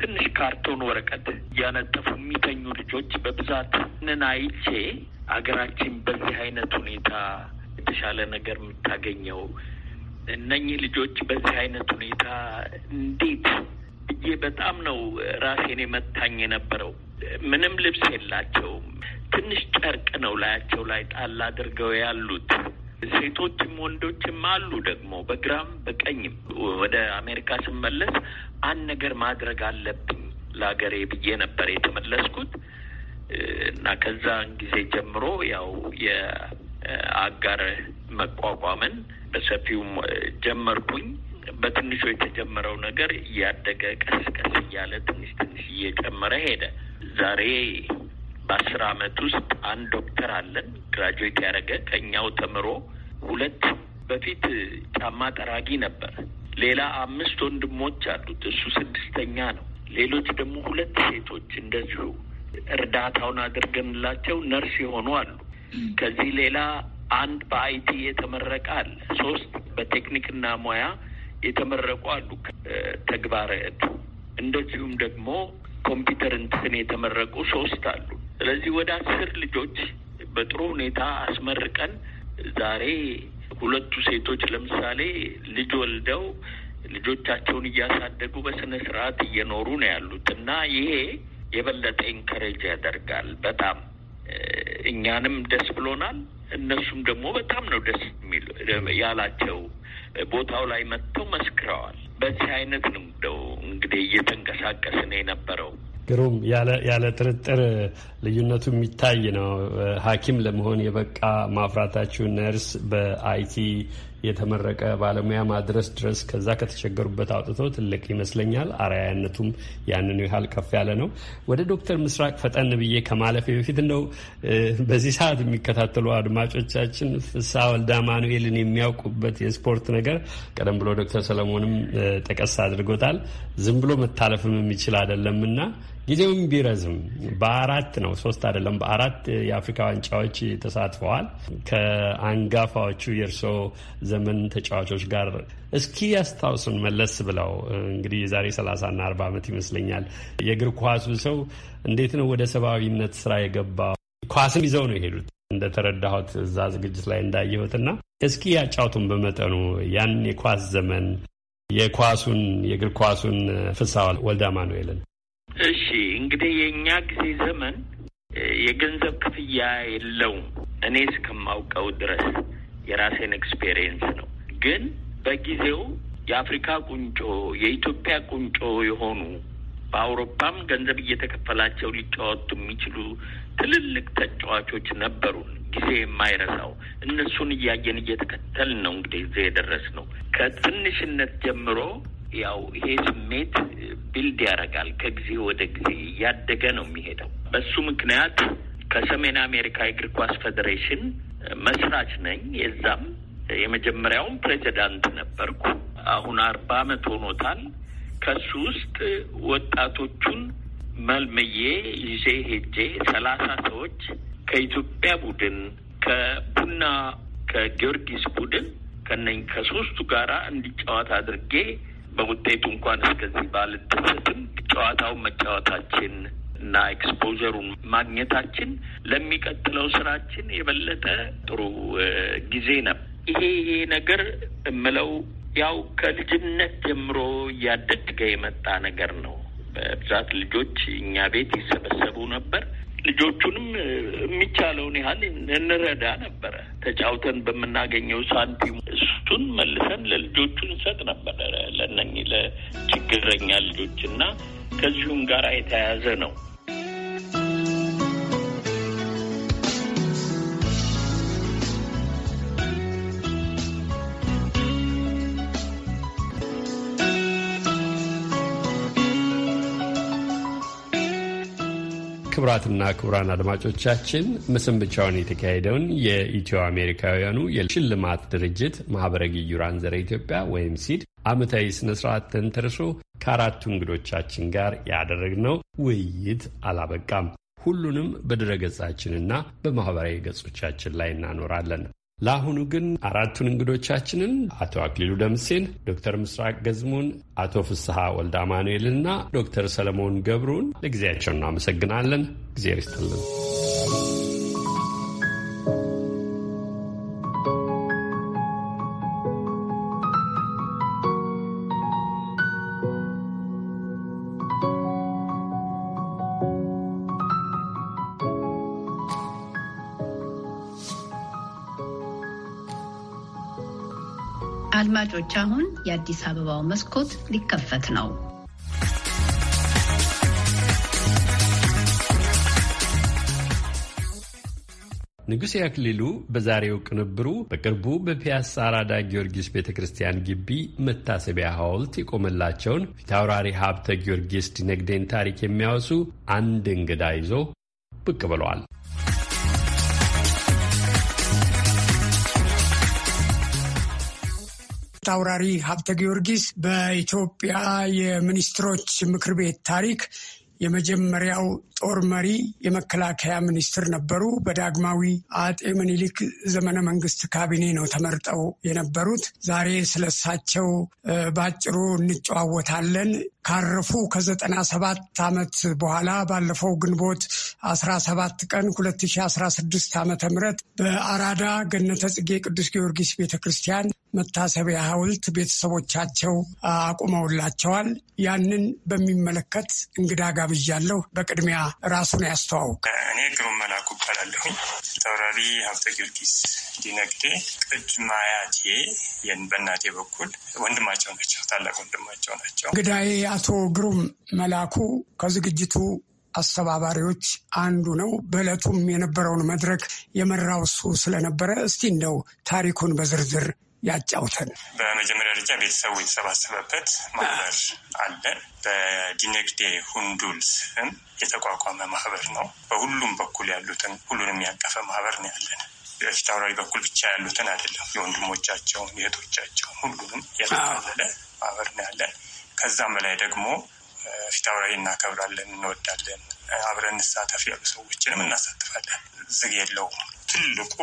Speaker 2: ትንሽ ካርቶን ወረቀት እያነጠፉ የሚተኙ ልጆች በብዛት ንን አይቼ አገራችን በዚህ አይነት ሁኔታ የተሻለ ነገር የምታገኘው። እነኚህ ልጆች በዚህ አይነት ሁኔታ እንዴት ብዬ በጣም ነው ራሴን የመታኝ የነበረው። ምንም ልብስ የላቸውም። ትንሽ ጨርቅ ነው ላያቸው ላይ ጣል አድርገው ያሉት። ሴቶችም ወንዶችም አሉ ደግሞ በግራም በቀኝም። ወደ አሜሪካ ስመለስ አንድ ነገር ማድረግ አለብኝ ለሀገሬ ብዬ ነበር የተመለስኩት እና ከዛን ጊዜ ጀምሮ ያው አጋር መቋቋምን በሰፊውም ጀመርኩኝ። በትንሹ የተጀመረው ነገር እያደገ ቀስ ቀስ እያለ ትንሽ ትንሽ እየጨመረ ሄደ። ዛሬ በአስር አመት ውስጥ አንድ ዶክተር አለን ግራጁዌት ያደረገ ከኛው ተምሮ ሁለት በፊት ጫማ ጠራጊ ነበር። ሌላ አምስት ወንድሞች አሉት። እሱ ስድስተኛ ነው። ሌሎች ደግሞ ሁለት ሴቶች እንደዚሁ እርዳታውን አድርገንላቸው ነርስ የሆኑ አሉ። ከዚህ ሌላ አንድ በአይቲ የተመረቀ አለ። ሶስት በቴክኒክና ሙያ የተመረቁ አሉ። ተግባረ እድ እንደዚሁም ደግሞ ኮምፒውተር እንትን የተመረቁ ሶስት አሉ። ስለዚህ ወደ አስር ልጆች በጥሩ ሁኔታ አስመርቀን ዛሬ ሁለቱ ሴቶች ለምሳሌ ልጅ ወልደው ልጆቻቸውን እያሳደጉ በስነ ስርዓት እየኖሩ ነው ያሉት እና ይሄ የበለጠ ኢንከሬጅ ያደርጋል በጣም እኛንም ደስ ብሎናል። እነሱም ደግሞ በጣም ነው ደስ የሚል ያላቸው ቦታው ላይ መጥተው መስክረዋል። በዚህ አይነት ነው እንደው እንግዲህ እየተንቀሳቀስን የነበረው።
Speaker 3: ግሩም ያለ ጥርጥር ልዩነቱ የሚታይ ነው። ሐኪም ለመሆን የበቃ ማፍራታችሁ ነርስ በአይቲ የተመረቀ ባለሙያ ማድረስ ድረስ ከዛ ከተቸገሩበት አውጥቶ ትልቅ ይመስለኛል። አርአያነቱም ያንኑ ያህል ከፍ ያለ ነው። ወደ ዶክተር ምስራቅ ፈጠን ብዬ ከማለፍ በፊት ነው በዚህ ሰዓት የሚከታተሉ አድማጮቻችን ፍሳ ወልዳ ማኑኤልን የሚያውቁበት የስፖርት ነገር ቀደም ብሎ ዶክተር ሰለሞንም ጠቀስ አድርጎታል። ዝም ብሎ መታለፍም የሚችል አይደለምና ጊዜውም ቢረዝም በአራት ነው ሶስት አይደለም፣ በአራት የአፍሪካ ዋንጫዎች ተሳትፈዋል። ከአንጋፋዎቹ የእርሶ ዘመን ተጫዋቾች ጋር እስኪ ያስታውሱን መለስ ብለው እንግዲህ የዛሬ 30 እና 40 ዓመት ይመስለኛል የእግር ኳሱ ሰው እንዴት ነው ወደ ሰብአዊነት ስራ የገባው? ኳስም ይዘው ነው የሄዱት እንደተረዳሁት እዛ ዝግጅት ላይ እንዳየሁትና እስኪ ያጫውቱን በመጠኑ ያን የኳስ ዘመን የኳሱን የእግር ኳሱን ፍሳዋል ወልደ አማኑኤልን
Speaker 2: እሺ እንግዲህ የእኛ ጊዜ ዘመን የገንዘብ ክፍያ የለውም። እኔ እስከማውቀው ድረስ የራሴን ኤክስፔሪየንስ ነው። ግን በጊዜው የአፍሪካ ቁንጮ፣ የኢትዮጵያ ቁንጮ የሆኑ በአውሮፓም ገንዘብ እየተከፈላቸው ሊጫወቱ የሚችሉ ትልልቅ ተጫዋቾች ነበሩን። ጊዜ የማይረሳው እነሱን እያየን እየተከተል ነው እንግዲህ እዚህ የደረስ ነው። ከትንሽነት ጀምሮ ያው ይሄ ስሜት ቢልድ ያደርጋል። ከጊዜ ወደ ጊዜ እያደገ ነው የሚሄደው። በሱ ምክንያት ከሰሜን አሜሪካ የእግር ኳስ ፌዴሬሽን መስራች ነኝ። የዛም የመጀመሪያውን ፕሬዚዳንት ነበርኩ። አሁን አርባ አመት ሆኖታል። ከሱ ውስጥ ወጣቶቹን መልምዬ ይዤ ሄጄ ሰላሳ ሰዎች ከኢትዮጵያ ቡድን ከቡና ከጊዮርጊስ ቡድን ከነኝ ከሶስቱ ጋራ እንዲጫወት አድርጌ በውጤቱ እንኳን እስከዚህ ባልደሰትም ጨዋታውን መጫወታችን እና ኤክስፖዘሩን ማግኘታችን ለሚቀጥለው ስራችን የበለጠ ጥሩ ጊዜ ነው። ይሄ ይሄ ነገር እምለው ያው ከልጅነት ጀምሮ እያደገ የመጣ ነገር ነው። በብዛት ልጆች እኛ ቤት ይሰበሰቡ ነበር። ልጆቹንም የሚቻለውን ያህል እንረዳ ነበረ። ተጫውተን በምናገኘው ሳንቲም እሱን መልሰን ለልጆቹ እንሰጥ ነበረ ለእነኚህ ለችግረኛ ልጆች እና ከዚሁም ጋር የተያያዘ ነው።
Speaker 3: ክቡራትና ክቡራን አድማጮቻችን ምስንብቻውን የተካሄደውን የኢትዮ አሜሪካውያኑ የሽልማት ድርጅት ማኅበረ ግዩራን ዘረ ኢትዮጵያ ወይም ሲድ ዓመታዊ ስነ ተንተርሶ ከአራቱ እንግዶቻችን ጋር ያደረግነው ውይይት አላበቃም። ሁሉንም በድረ ገጻችንና በማኅበራዊ ገጾቻችን ላይ እናኖራለን። ለአሁኑ ግን አራቱን እንግዶቻችንን አቶ አክሊሉ ደምሴን፣ ዶክተር ምስራቅ ገዝሙን፣ አቶ ፍስሐ ወልደ አማኑኤልና ዶክተር ሰለሞን ገብሩን ለጊዜያቸው እናመሰግናለን። ጊዜ ርስትልን
Speaker 4: አድማጮች አሁን የአዲስ አበባው መስኮት ሊከፈት ነው።
Speaker 3: ንጉሴ አክሊሉ በዛሬው ቅንብሩ በቅርቡ በፒያሳ አራዳ ጊዮርጊስ ቤተ ክርስቲያን ግቢ መታሰቢያ ሐውልት የቆመላቸውን ፊታውራሪ ሀብተ ጊዮርጊስ ዲነግዴን ታሪክ የሚያወሱ አንድ እንግዳ ይዞ ብቅ ብለዋል።
Speaker 10: ጀት አውራሪ ሀብተ ጊዮርጊስ በኢትዮጵያ የሚኒስትሮች ምክር ቤት ታሪክ የመጀመሪያው ጦር መሪ የመከላከያ ሚኒስትር ነበሩ። በዳግማዊ አጤ ምኒልክ ዘመነ መንግስት ካቢኔ ነው ተመርጠው የነበሩት። ዛሬ ስለሳቸው ባጭሩ እንጨዋወታለን። ካረፉ ከዘጠና ሰባት ዓመት በኋላ ባለፈው ግንቦት 17 ቀን 2016 ዓ ም በአራዳ ገነተ ጽጌ ቅዱስ ጊዮርጊስ ቤተ ክርስቲያን መታሰቢያ ሐውልት ቤተሰቦቻቸው አቁመውላቸዋል። ያንን በሚመለከት እንግዳ ጋብዣለሁ። በቅድሚያ ራሱን ያስተዋውቅ።
Speaker 11: እኔ ግሩም መላኩ እባላለሁኝ። ተወራሪ ሀብተ ጊዮርጊስ ዲነግዴ ቅድ ማያቴ በእናቴ በኩል ወንድማቸው ናቸው፣ ታላቅ ወንድማቸው ናቸው። እንግዳዬ
Speaker 10: አቶ ግሩም መላኩ ከዝግጅቱ አስተባባሪዎች አንዱ ነው። በዕለቱም የነበረውን መድረክ የመራው እሱ ስለነበረ እስቲ እንደው ታሪኩን በዝርዝር ያጫውተን።
Speaker 11: በመጀመሪያ ደረጃ ቤተሰቡ የተሰባሰበበት ማህበር አለ። በዲነግዴ ሁንዱል ስም የተቋቋመ ማህበር ነው። በሁሉም በኩል ያሉትን ሁሉንም ያቀፈ ማህበር ነው ያለን በፊት አውራሪ በኩል ብቻ ያሉትን አይደለም፣ የወንድሞቻቸውን የእህቶቻቸውን ሁሉንም ያጠቃለለ ማህበር ነው ያለን። ከዛም በላይ ደግሞ ፊት አውራሪ እናከብራለን፣ እንወዳለን፣ አብረን እንሳተፍ ያሉ ሰዎችንም እናሳትፋለን። ዝግ የለውም። ትልቁ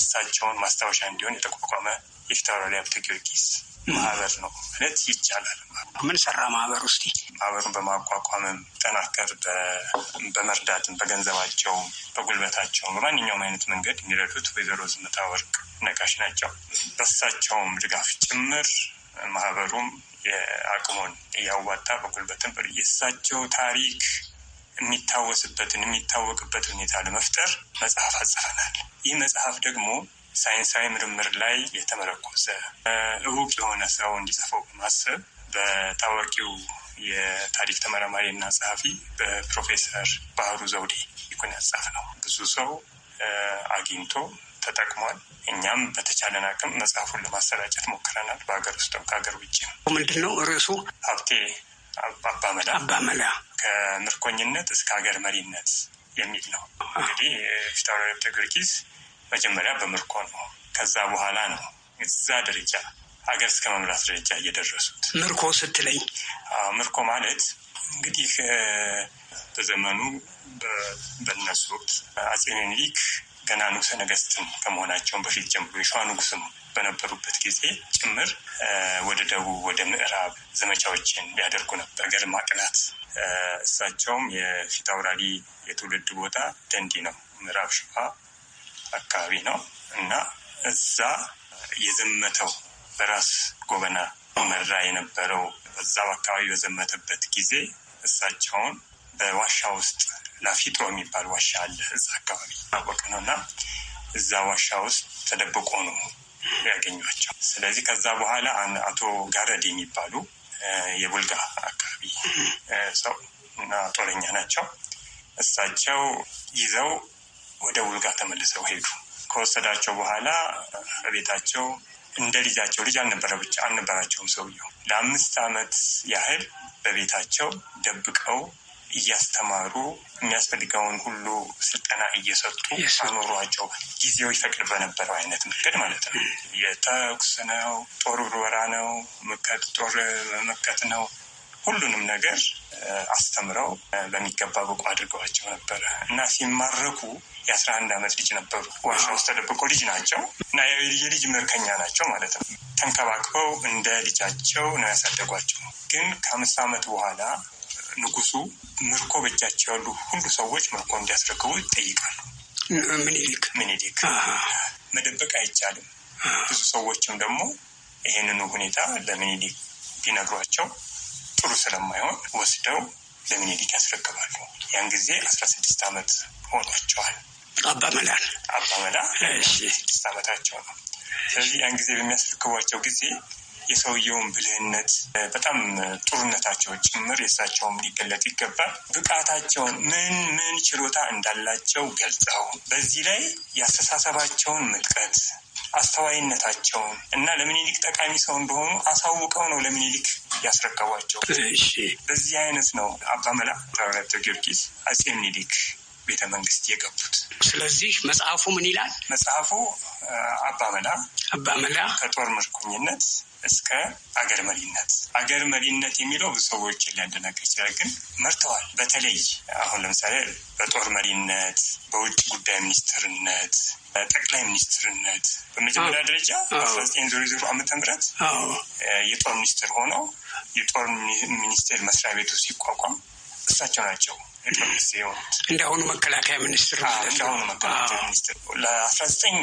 Speaker 11: እሳቸውን ማስታወሻ እንዲሆን የተቋቋመ የፊታውራሪ ሀብተ ጊዮርጊስ ማህበር ነው ማለት ይቻላል።
Speaker 10: ምን ሰራ ማህበር ውስጥ
Speaker 11: ማህበሩን በማቋቋምም ጠናከር በመርዳትም በገንዘባቸው፣ በጉልበታቸው በማንኛውም አይነት መንገድ የሚረዱት ወይዘሮ ዝምታ ወርቅ ነጋሽ ናቸው። በእሳቸውም ድጋፍ ጭምር ማህበሩም የአቅሙን እያዋጣ በጉልበትም የእሳቸው ታሪክ የሚታወስበትን የሚታወቅበት ሁኔታ ለመፍጠር መጽሐፍ አጽፈናል። ይህ መጽሐፍ ደግሞ ሳይንሳዊ ምርምር ላይ የተመረኮዘ እውቅ የሆነ ሰው እንዲጽፈው በማሰብ በታዋቂው የታሪክ ተመራማሪ ተመራማሪና ጸሐፊ በፕሮፌሰር ባህሩ ዘውዴ ይኩን ያጻፍ ነው። ብዙ ሰው አግኝቶ ተጠቅሟል። እኛም በተቻለን አቅም መጽሐፉን ለማሰራጨት ሞክረናል። በሀገር ውስጥም ከሀገር ውጭም ምንድን ነው ርዕሱ ሀብቴ አባመላ አባመላ ከምርኮኝነት እስከ ሀገር መሪነት የሚል ነው። እንግዲህ ፊታውራሪ ጊዮርጊስ መጀመሪያ በምርኮ ነው። ከዛ በኋላ ነው እዛ ደረጃ ሀገር እስከ መምራት ደረጃ እየደረሱት። ምርኮ ስትለኝ ምርኮ ማለት እንግዲህ በዘመኑ በነሱ ወቅት አጼ ምኒልክ ገና ንጉሰ ነገስትን ከመሆናቸውን በፊት ጀምሮ የሸዋ ንጉስም በነበሩበት ጊዜ ጭምር ወደ ደቡብ ወደ ምዕራብ ዘመቻዎችን ያደርጉ ነበር። ገር ማቅናት እሳቸውም የፊት አውራሪ የትውልድ ቦታ ደንዲ ነው፣ ምዕራብ ሸዋ አካባቢ ነው እና እዛ የዘመተው በራስ ጎበና መራ የነበረው እዛው አካባቢ በዘመተበት ጊዜ እሳቸውን በዋሻ ውስጥ ላፊጥሮ የሚባል ዋሻ አለ እዛ አካባቢ አወቅ ነው እና እዛ ዋሻ ውስጥ ተደብቆ ነው ያገኟቸው። ስለዚህ ከዛ በኋላ አቶ ጋረድ የሚባሉ የቡልጋ አካባቢ ሰው እና ጦረኛ ናቸው። እሳቸው ይዘው ወደ ቡልጋ ተመልሰው ሄዱ። ከወሰዳቸው በኋላ ቤታቸው እንደ ልጃቸው ልጅ አልነበረ ብቻ አልነበራቸውም። ሰውየው ለአምስት ዓመት ያህል በቤታቸው ደብቀው እያስተማሩ የሚያስፈልገውን ሁሉ ስልጠና እየሰጡ አኖሯቸው ጊዜው ይፈቅድ በነበረው አይነት መንገድ ማለት ነው። የተኩስ ነው፣ ጦር ውርወራ ነው፣ መከት ጦር መከት ነው። ሁሉንም ነገር አስተምረው በሚገባ ብቁ አድርገዋቸው ነበረ እና ሲማረኩ የአስራ አንድ አመት ልጅ ነበሩ። ዋሻ ውስጥ ተደብቆ ልጅ ናቸው እና የልጅ ምርኮኛ ናቸው ማለት ነው። ተንከባክበው እንደ ልጃቸው ነው ያሳደጓቸው። ግን ከአምስት ዓመት በኋላ ንጉሱ ምርኮ በእጃቸው ያሉ ሁሉ ሰዎች ምርኮ እንዲያስረክቡ ይጠይቃሉ። ምኒልክ ምኒልክ መደበቅ አይቻልም። ብዙ ሰዎችም ደግሞ ይህንኑ ሁኔታ ለምኒልክ ቢነግሯቸው ጥሩ ስለማይሆን ወስደው ለምኒልክ ያስረክባሉ። ያን ጊዜ አስራ ስድስት ዓመት ሆኗቸዋል። አባመላል አባመላ ስድስት ዓመታቸው ነው። ስለዚህ ያን ጊዜ በሚያስረክቧቸው ጊዜ የሰውየውን ብልህነት በጣም ጥሩነታቸው ጭምር የእሳቸውም ሊገለጥ ይገባል። ብቃታቸውን ምን ምን ችሎታ እንዳላቸው ገልጸው በዚህ ላይ የአስተሳሰባቸውን ምጥቀት አስተዋይነታቸውን እና ለምኒልክ ጠቃሚ ሰው እንደሆኑ አሳውቀው ነው ለምኒልክ ያስረከቧቸው። በዚህ አይነት ነው አባ መላክ ተራራ ጊዮርጊስ አጼ ምኒልክ ቤተ መንግስት የገቡት። ስለዚህ መጽሐፉ ምን ይላል? መጽሐፉ አባ መላ አባ መላ ከጦር ምርኮኝነት እስከ አገር መሪነት አገር መሪነት የሚለው ብዙ ሰዎችን ሊያደናግር ይችላል፣ ግን መርተዋል። በተለይ አሁን ለምሳሌ በጦር መሪነት፣ በውጭ ጉዳይ ሚኒስትርነት፣ ጠቅላይ ሚኒስትርነት በመጀመሪያ ደረጃ በአስራ ዘጠኝ ዜሮ ዜሮ ዓመተ ምህረት የጦር ሚኒስትር ሆነው የጦር ሚኒስቴር መስሪያ ቤቱ ሲቋቋም እሳቸው ናቸው እንደ መከላከያ ሚኒስትር ለአስራ ዘጠኝ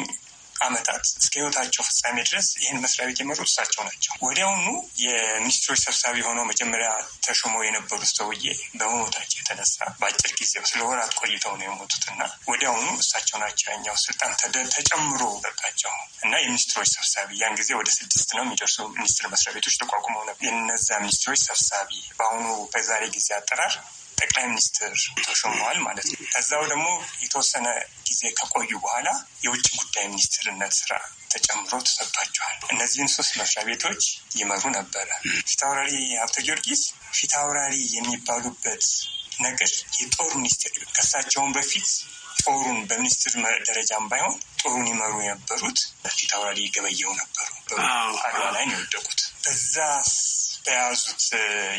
Speaker 11: አመታት እስከ ህይወታቸው ፍጻሜ ድረስ ይህን መስሪያ ቤት የመሩት እሳቸው ናቸው። ወዲያውኑ የሚኒስትሮች ሰብሳቢ ሆነው መጀመሪያ ተሾመው የነበሩት ሰውዬ በመሞታቸው የተነሳ በአጭር ጊዜ ስለ ወራት ቆይተው ነው እና ወዲያውኑ እሳቸው ናቸው ያኛው ስልጣን ተጨምሮ በቃቸው እና የሚኒስትሮች ሰብሳቢ ያን ጊዜ ወደ ስድስት ነው የሚደርሱ ሚኒስትር መስሪያ ቤቶች ተቋቁመው ነበር። የነዛ ሚኒስትሮች ሰብሳቢ በአሁኑ በዛሬ ጊዜ አጠራር ጠቅላይ ሚኒስትር ተሾመዋል ማለት ነው። ከዛው ደግሞ የተወሰነ ጊዜ ከቆዩ በኋላ የውጭ ጉዳይ ሚኒስትርነት ስራ ተጨምሮ ተሰጥቷቸዋል። እነዚህን ሶስት መስሪያ ቤቶች ይመሩ ነበረ። ፊታውራሪ ሀብተ ጊዮርጊስ ፊታውራሪ የሚባሉበት ነገር የጦር ሚኒስትር ከሳቸውን በፊት ጦሩን በሚኒስትር ደረጃም ባይሆን ጦሩን ይመሩ የነበሩት ፊታውራሪ ገበየው ነበሩ። አድዋ ላይ ነው የወደቁት። በዛ በያዙት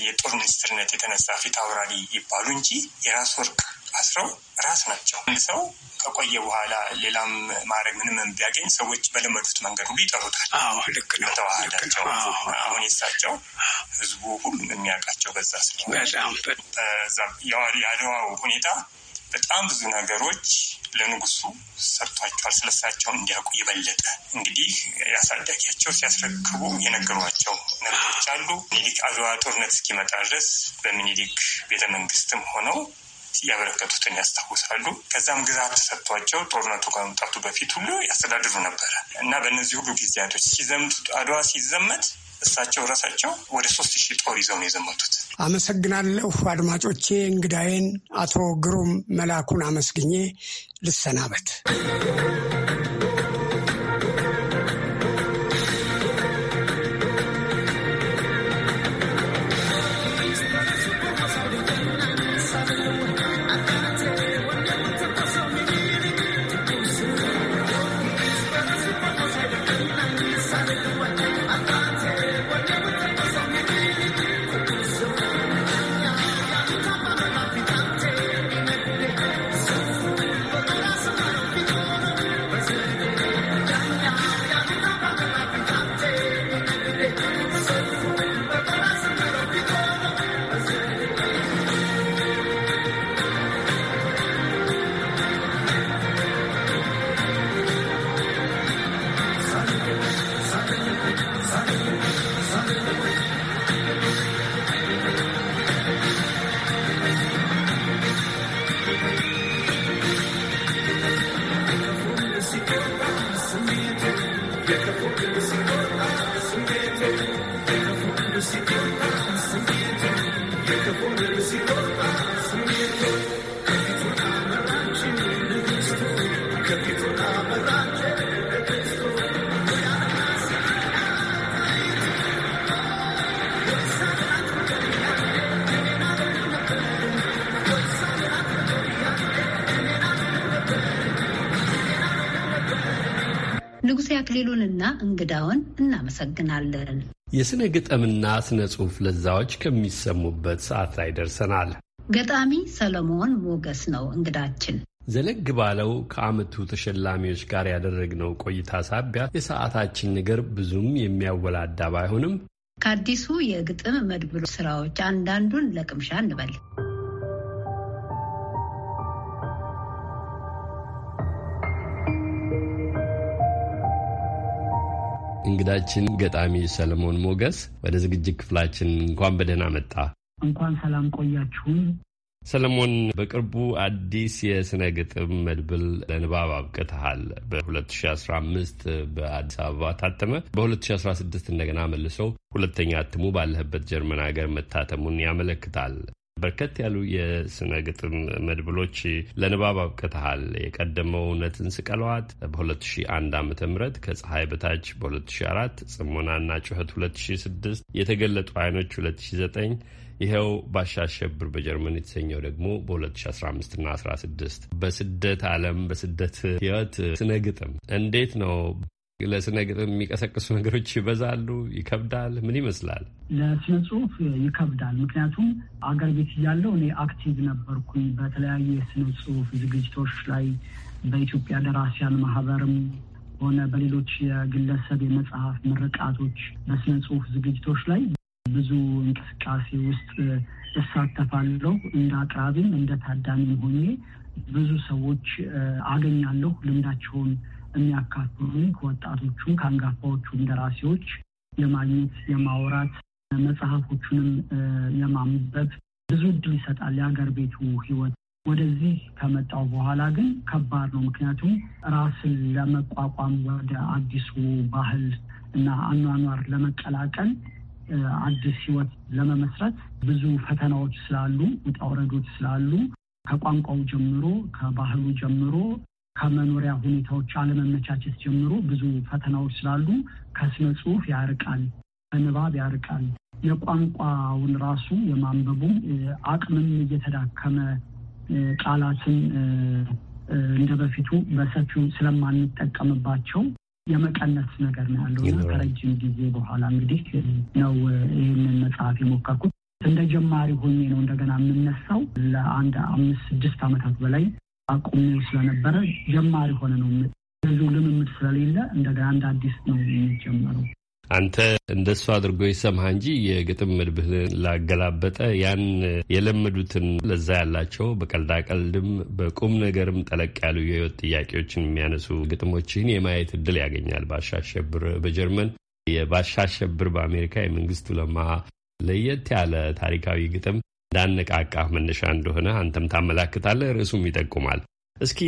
Speaker 11: የጦር ሚኒስትርነት የተነሳ ፊት አውራሪ ይባሉ እንጂ የራስ ወርቅ አስረው ራስ ናቸው። ሰው ከቆየ በኋላ ሌላም ማድረግ ምንም ቢያገኝ ሰዎች በለመዱት መንገድ ሁሉ ይጠሩታል። በተዋህዳቸው አሁን የሳቸው ህዝቡ ሁሉም የሚያውቃቸው በዛ ስለሆነ በዛ የአድዋው ሁኔታ በጣም ብዙ ነገሮች ለንጉሱ ሰርቷቸዋል። ስለሳቸው እንዲያውቁ የበለጠ እንግዲህ ያሳዳጊያቸው ሲያስረክቡ የነገሯቸው ነገሮች አሉ። ሚኒሊክ አድዋ ጦርነት እስኪመጣ ድረስ በሚኒሊክ ቤተ መንግስትም ሆነው ያበረከቱትን ያስታውሳሉ። ከዛም ግዛት ተሰጥቷቸው ጦርነቱ ከመምጣቱ በፊት ሁሉ ያስተዳድሩ ነበረ እና በእነዚህ ሁሉ ጊዜያቶች ሲዘምቱ አድዋ ሲዘመት እሳቸው ራሳቸው ወደ ሶስት ሺህ ጦር ይዘው ነው የዘመቱት።
Speaker 10: አመሰግናለሁ። አድማጮቼ እንግዳዬን አቶ ግሩም መላኩን አመስግኜ ልሰናበት።
Speaker 4: አክሊሉንና እንግዳውን እናመሰግናለን።
Speaker 3: የሥነ ግጥምና ሥነ ጽሑፍ ለዛዎች ከሚሰሙበት ሰዓት ላይ ደርሰናል።
Speaker 4: ገጣሚ ሰለሞን ሞገስ ነው እንግዳችን።
Speaker 3: ዘለግ ባለው ከዓመቱ ተሸላሚዎች ጋር ያደረግነው ቆይታ ሳቢያ የሰዓታችን ነገር ብዙም የሚያወላዳ ባይሆንም
Speaker 4: ከአዲሱ የግጥም መድብሎ ስራዎች አንዳንዱን ለቅምሻ እንበል።
Speaker 3: እንግዳችን ገጣሚ ሰለሞን ሞገስ ወደ ዝግጅት ክፍላችን እንኳን በደህና መጣ።
Speaker 5: እንኳን ሰላም ቆያችሁን።
Speaker 3: ሰለሞን በቅርቡ አዲስ የስነ ግጥም መድብል ለንባብ አብቅተሃል። በ2015 በአዲስ አበባ ታተመ። በ2016 እንደገና መልሶ ሁለተኛ እትሙ ባለህበት ጀርመን ሀገር መታተሙን ያመለክታል። በርከት ያሉ የስነ ግጥም መድብሎች ለንባብ አብቅተሃል። የቀደመው እውነትን ስቀለዋት በ2001 ዓ ም ከፀሐይ በታች በ2004 ጽሞናና ጩኸት 2006 የተገለጡ አይኖች 2009 ይኸው ባሻሸብር በጀርመን የተሰኘው ደግሞ በ2015 ና 16 በስደት ዓለም በስደት ህይወት ስነ ግጥም እንዴት ነው ለስነ ግጥም የሚቀሰቅሱ ነገሮች ይበዛሉ? ይከብዳል? ምን ይመስላል?
Speaker 5: ለስነ ጽሁፍ ይከብዳል። ምክንያቱም አገር ቤት እያለሁ እኔ አክቲቭ ነበርኩኝ በተለያዩ የስነ ጽሁፍ ዝግጅቶች ላይ በኢትዮጵያ ደራሲያን ማህበርም ሆነ በሌሎች የግለሰብ የመጽሐፍ ምርቃቶች፣ በስነ ጽሁፍ ዝግጅቶች ላይ ብዙ እንቅስቃሴ ውስጥ እሳተፋለሁ። እንደ አቅራቢም እንደ ታዳሚም ሆኜ ብዙ ሰዎች አገኛለሁ ልምዳቸውን የሚያካትሉ ከወጣቶቹም ከአንጋፋዎቹ ደራሲዎች የማግኘት የማውራት መጽሐፎቹንም የማንበብ ብዙ እድል ይሰጣል። የሀገር ቤቱ ህይወት ወደዚህ ከመጣው በኋላ ግን ከባድ ነው። ምክንያቱም ራስን ለመቋቋም ወደ አዲሱ ባህል እና አኗኗር ለመቀላቀል አዲስ ህይወት ለመመስረት ብዙ ፈተናዎች ስላሉ ውጣ ውረዶች ስላሉ ከቋንቋው ጀምሮ ከባህሉ ጀምሮ ከመኖሪያ ሁኔታዎች አለመመቻቸት ጀምሮ ብዙ ፈተናዎች ስላሉ ከስነ ጽሁፍ ያርቃል፣ ከንባብ ያርቃል። የቋንቋውን ራሱ የማንበቡም አቅምም እየተዳከመ ቃላትን እንደ በፊቱ በሰፊው ስለማንጠቀምባቸው የመቀነስ ነገር ነው ያለው። ከረጅም ጊዜ በኋላ እንግዲህ ነው ይህንን መጽሐፍ የሞከርኩት። እንደ ጀማሪ ሆኜ ነው እንደገና የምነሳው። ለአንድ አምስት ስድስት ዓመታት በላይ አቁሙ ስለነበረ ጀማሪ ሆነ ነው እንደዚሁ ልምምድ ስለሌለ እንደገና አንድ አዲስ ነው የሚጀመረው።
Speaker 3: አንተ እንደሱ አድርጎ ይሰማህ እንጂ የግጥም መድብህን ላገላበጠ ያን የለመዱትን ለዛ ያላቸው በቀልዳቀልድም በቁም ነገርም ጠለቅ ያሉ የህይወት ጥያቄዎችን የሚያነሱ ግጥሞችህን የማየት እድል ያገኛል። ባሻሸብር በጀርመን የባሻሸብር በአሜሪካ የመንግስቱ ለማ ለየት ያለ ታሪካዊ ግጥም እንዳነቃቃህ መነሻ እንደሆነ አንተም ታመላክታለህ፣ ርዕሱም ይጠቁማል። እስኪ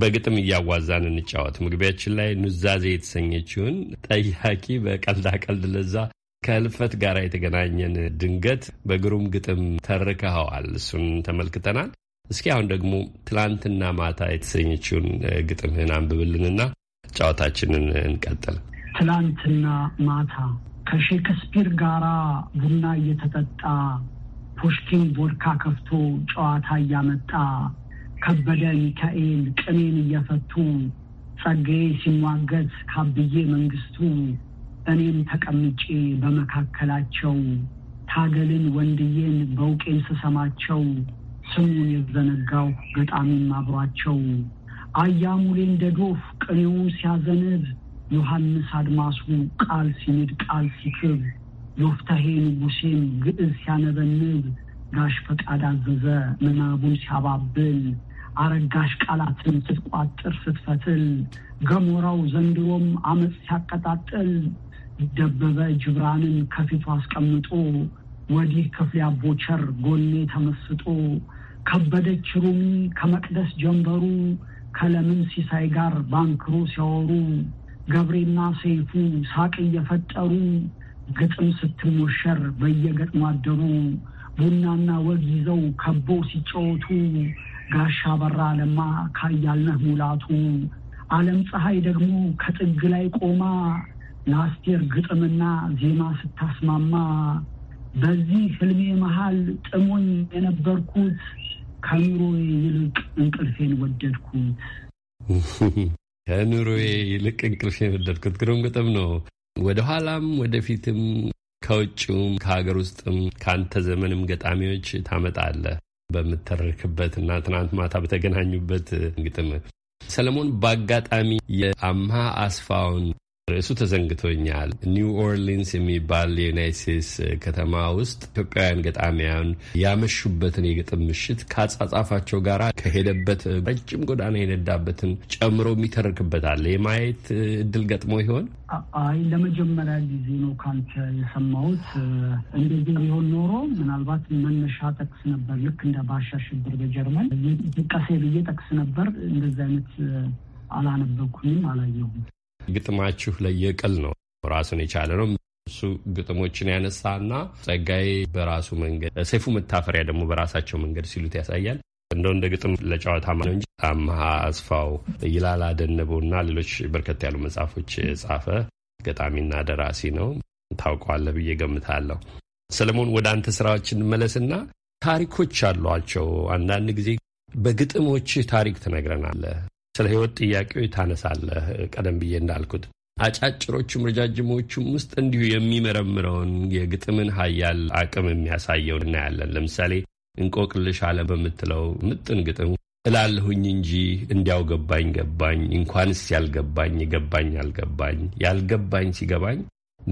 Speaker 3: በግጥም እያዋዛን እንጫወት። መግቢያችን ላይ ኑዛዜ የተሰኘችውን ጠያቂ በቀልዳቀልድ ለዛ ከህልፈት ጋር የተገናኘን ድንገት በግሩም ግጥም ተርከኸዋል። እሱን ተመልክተናል። እስኪ አሁን ደግሞ ትላንትና ማታ የተሰኘችውን ግጥምህን አንብብልንና ጨዋታችንን እንቀጥል።
Speaker 5: ትላንትና ማታ ከሼክስፒር ጋራ ቡና እየተጠጣ ፑሽኪን ቦድካ ከፍቶ ጨዋታ እያመጣ ከበደ ሚካኤል ቅኔን እየፈቱ ጸጌ ሲሟገት ካብዬ መንግስቱ እኔም ተቀምጬ በመካከላቸው ታገልን ወንድዬን በውቄን ስሰማቸው ስሙን የዘነጋው ገጣሚም አብሯቸው አያሙሌ እንደ ዶፍ ቅኔውን ሲያዘንብ ዮሐንስ አድማሱ ቃል ሲንድ ቃል ሲክብ ዮፍታሄ ንጉሴም ግዕዝ ሲያነበንብ ጋሽ ፈቃድ አዘዘ ምናቡን ሲያባብል አረጋሽ ቃላትን ስትቋጥር ስትፈትል ገሞራው ዘንድሮም አመፅ ሲያቀጣጥል ደበበ ጅብራንን ከፊቱ አስቀምጦ ወዲህ ክፍል ያቦቸር ጎኔ ተመስጦ ከበደች ሩሚ ከመቅደስ ጀንበሩ ከለምን ሲሳይ ጋር ባንክሮ ሲያወሩ ገብሬና ሰይፉ ሳቅ እየፈጠሩ ግጥም ስትሞሸር በየገጥሞ አደሩ ቡናና ወግ ይዘው ከበው ሲጫወቱ ጋሻ በራ ለማ ካያልነህ ሙላቱ ዓለም ፀሐይ ደግሞ ከጥግ ላይ ቆማ ለአስቴር ግጥምና ዜማ ስታስማማ በዚህ ህልሜ መሃል ጥሞኝ የነበርኩት ከኑሮዬ ይልቅ እንቅልፌን ወደድኩት።
Speaker 3: [laughs] ከኑሮዬ ይልቅ እንቅልፌ ወደድኩት። ግሩም ግጥም ነው። ወደ ኋላም ወደፊትም ከውጭውም ከሀገር ውስጥም ከአንተ ዘመንም ገጣሚዎች ታመጣለህ በምተረክበት እና ትናንት ማታ በተገናኙበት ግጥም ሰለሞን በአጋጣሚ የአምሃ አስፋውን ርዕሱ ተዘንግቶኛል። ኒው ኦርሊንስ የሚባል የዩናይት ስቴትስ ከተማ ውስጥ ኢትዮጵያውያን ገጣሚያን ያመሹበትን የግጥም ምሽት ከአጻጻፋቸው ጋር ከሄደበት ረጅም ጎዳና የነዳበትን ጨምሮ የሚተርክበታል የማየት እድል ገጥሞ ይሆን?
Speaker 5: አይ ለመጀመሪያ ጊዜ ነው ካንተ የሰማሁት። እንደዚህ ቢሆን ኖሮ ምናልባት መነሻ ጠቅስ ነበር። ልክ እንደ ባሻ ሽብር በጀርመን ጠቀሴ ብዬ ጠቅስ ነበር። እንደዚህ አይነት አላነበኩኝም፣ አላየሁም።
Speaker 3: ግጥማችሁ ለየቅል ነው ራሱን የቻለ ነው። እሱ ግጥሞችን ያነሳና ጸጋዬ በራሱ መንገድ፣ ሰይፉ መታፈሪያ ደግሞ በራሳቸው መንገድ ሲሉት ያሳያል። እንደው እንደ ግጥም ለጨዋታ ነው እንጂ አምሃ አስፋው ይላል እና ሌሎች በርከት ያሉ መጽሐፎች ጻፈ። ገጣሚና ደራሲ ነው። ታውቀዋለህ ብዬ ገምታለሁ። ሰለሞን፣ ወደ አንተ ስራዎች እንመለስና ታሪኮች አሏቸው። አንዳንድ ጊዜ በግጥሞችህ ታሪክ ትነግረናለህ። ስለ ህይወት ጥያቄዎች ታነሳለህ። ቀደም ብዬ እንዳልኩት አጫጭሮቹም ረጃጅሞቹም ውስጥ እንዲሁ የሚመረምረውን የግጥምን ሀያል አቅም የሚያሳየው እናያለን። ለምሳሌ እንቆቅልሽ አለ በምትለው ምጥን ግጥም እላለሁኝ እንጂ እንዲያው ገባኝ ገባኝ እንኳንስ ያልገባኝ የገባኝ ያልገባኝ ያልገባኝ ሲገባኝ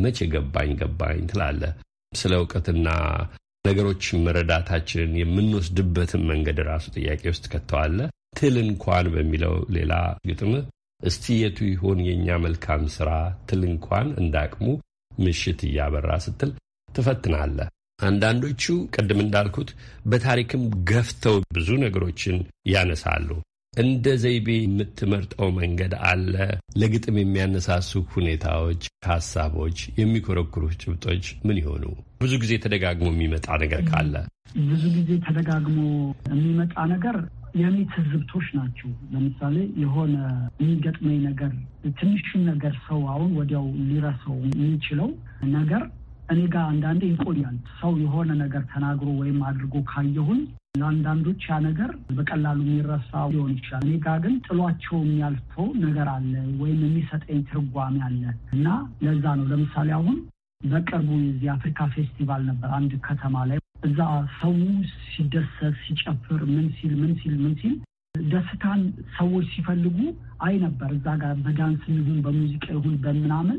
Speaker 3: መቼ ገባኝ ገባኝ ትላለ ስለ እውቀትና ነገሮች መረዳታችንን የምንወስድበትን መንገድ ራሱ ጥያቄ ውስጥ ከተዋለ ትል እንኳን በሚለው ሌላ ግጥምህ እስቲ የቱ ይሆን የእኛ መልካም ሥራ ትል እንኳን እንዳቅሙ ምሽት እያበራ ስትል ትፈትናለህ። አንዳንዶቹ ቅድም እንዳልኩት በታሪክም ገፍተው ብዙ ነገሮችን ያነሳሉ። እንደ ዘይቤ የምትመርጠው መንገድ አለ። ለግጥም የሚያነሳሱ ሁኔታዎች፣ ሀሳቦች፣ የሚኮረኩሩ ጭብጦች ምን ይሆኑ? ብዙ ጊዜ ተደጋግሞ የሚመጣ ነገር ካለ
Speaker 5: ብዙ ጊዜ ተደጋግሞ የሚመጣ ነገር የእኔ ትዝብቶች ናቸው። ለምሳሌ የሆነ የሚገጥመኝ ነገር ትንሹን ነገር ሰው አሁን ወዲያው ሊረሰው የሚችለው ነገር እኔ ጋር አንዳንዴ ይቆያል። ሰው የሆነ ነገር ተናግሮ ወይም አድርጎ ካየሁን ለአንዳንዶች ያ ነገር በቀላሉ የሚረሳ ሊሆን ይችላል። እኔ ጋር ግን ጥሏቸው የሚያልፈው ነገር አለ ወይም የሚሰጠኝ ትርጓሜ አለ እና ለዛ ነው ለምሳሌ አሁን በቅርቡ የዚህ አፍሪካ ፌስቲቫል ነበር አንድ ከተማ ላይ እዛ ሰው ሲደሰት ሲጨፍር ምን ሲል ምን ሲል ምን ሲል ደስታን ሰዎች ሲፈልጉ አይ ነበር። እዛ ጋር በዳንስ ይሁን በሙዚቃ ይሁን በምናምን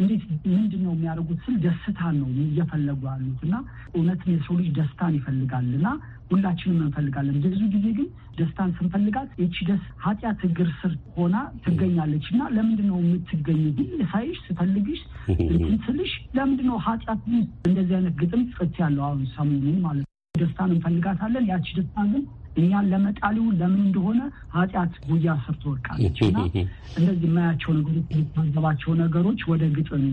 Speaker 5: እንዴት ምንድን ነው የሚያደርጉት ስል ደስታን ነው እየፈለጉ ያሉት እና እውነት የሰው ልጅ ደስታን ይፈልጋል እና ሁላችንም እንፈልጋለን። ብዙ ጊዜ ግን ደስታን ስንፈልጋት ይቺ ደስ ኃጢአት እግር ስር ሆና ትገኛለች እና ለምንድን ነው የምትገኝ ግን ሳይሽ ስፈልግሽ [laughs] እንትን ስልሽ ለምንድን ነው ኃጢአት እንደዚህ አይነት ግጥም ጽት ያለው አሁን ሰሞኑን ማለት ነው ደስታን እንፈልጋታለን ያቺ ደስታ ግን እኛን ለመጣሊው ለምን እንደሆነ ኃጢአት ጉያ ስር ወርቃለች እና እንደዚህ የማያቸው ነገሮች የሚታዘባቸው ነገሮች ወደ ግጥም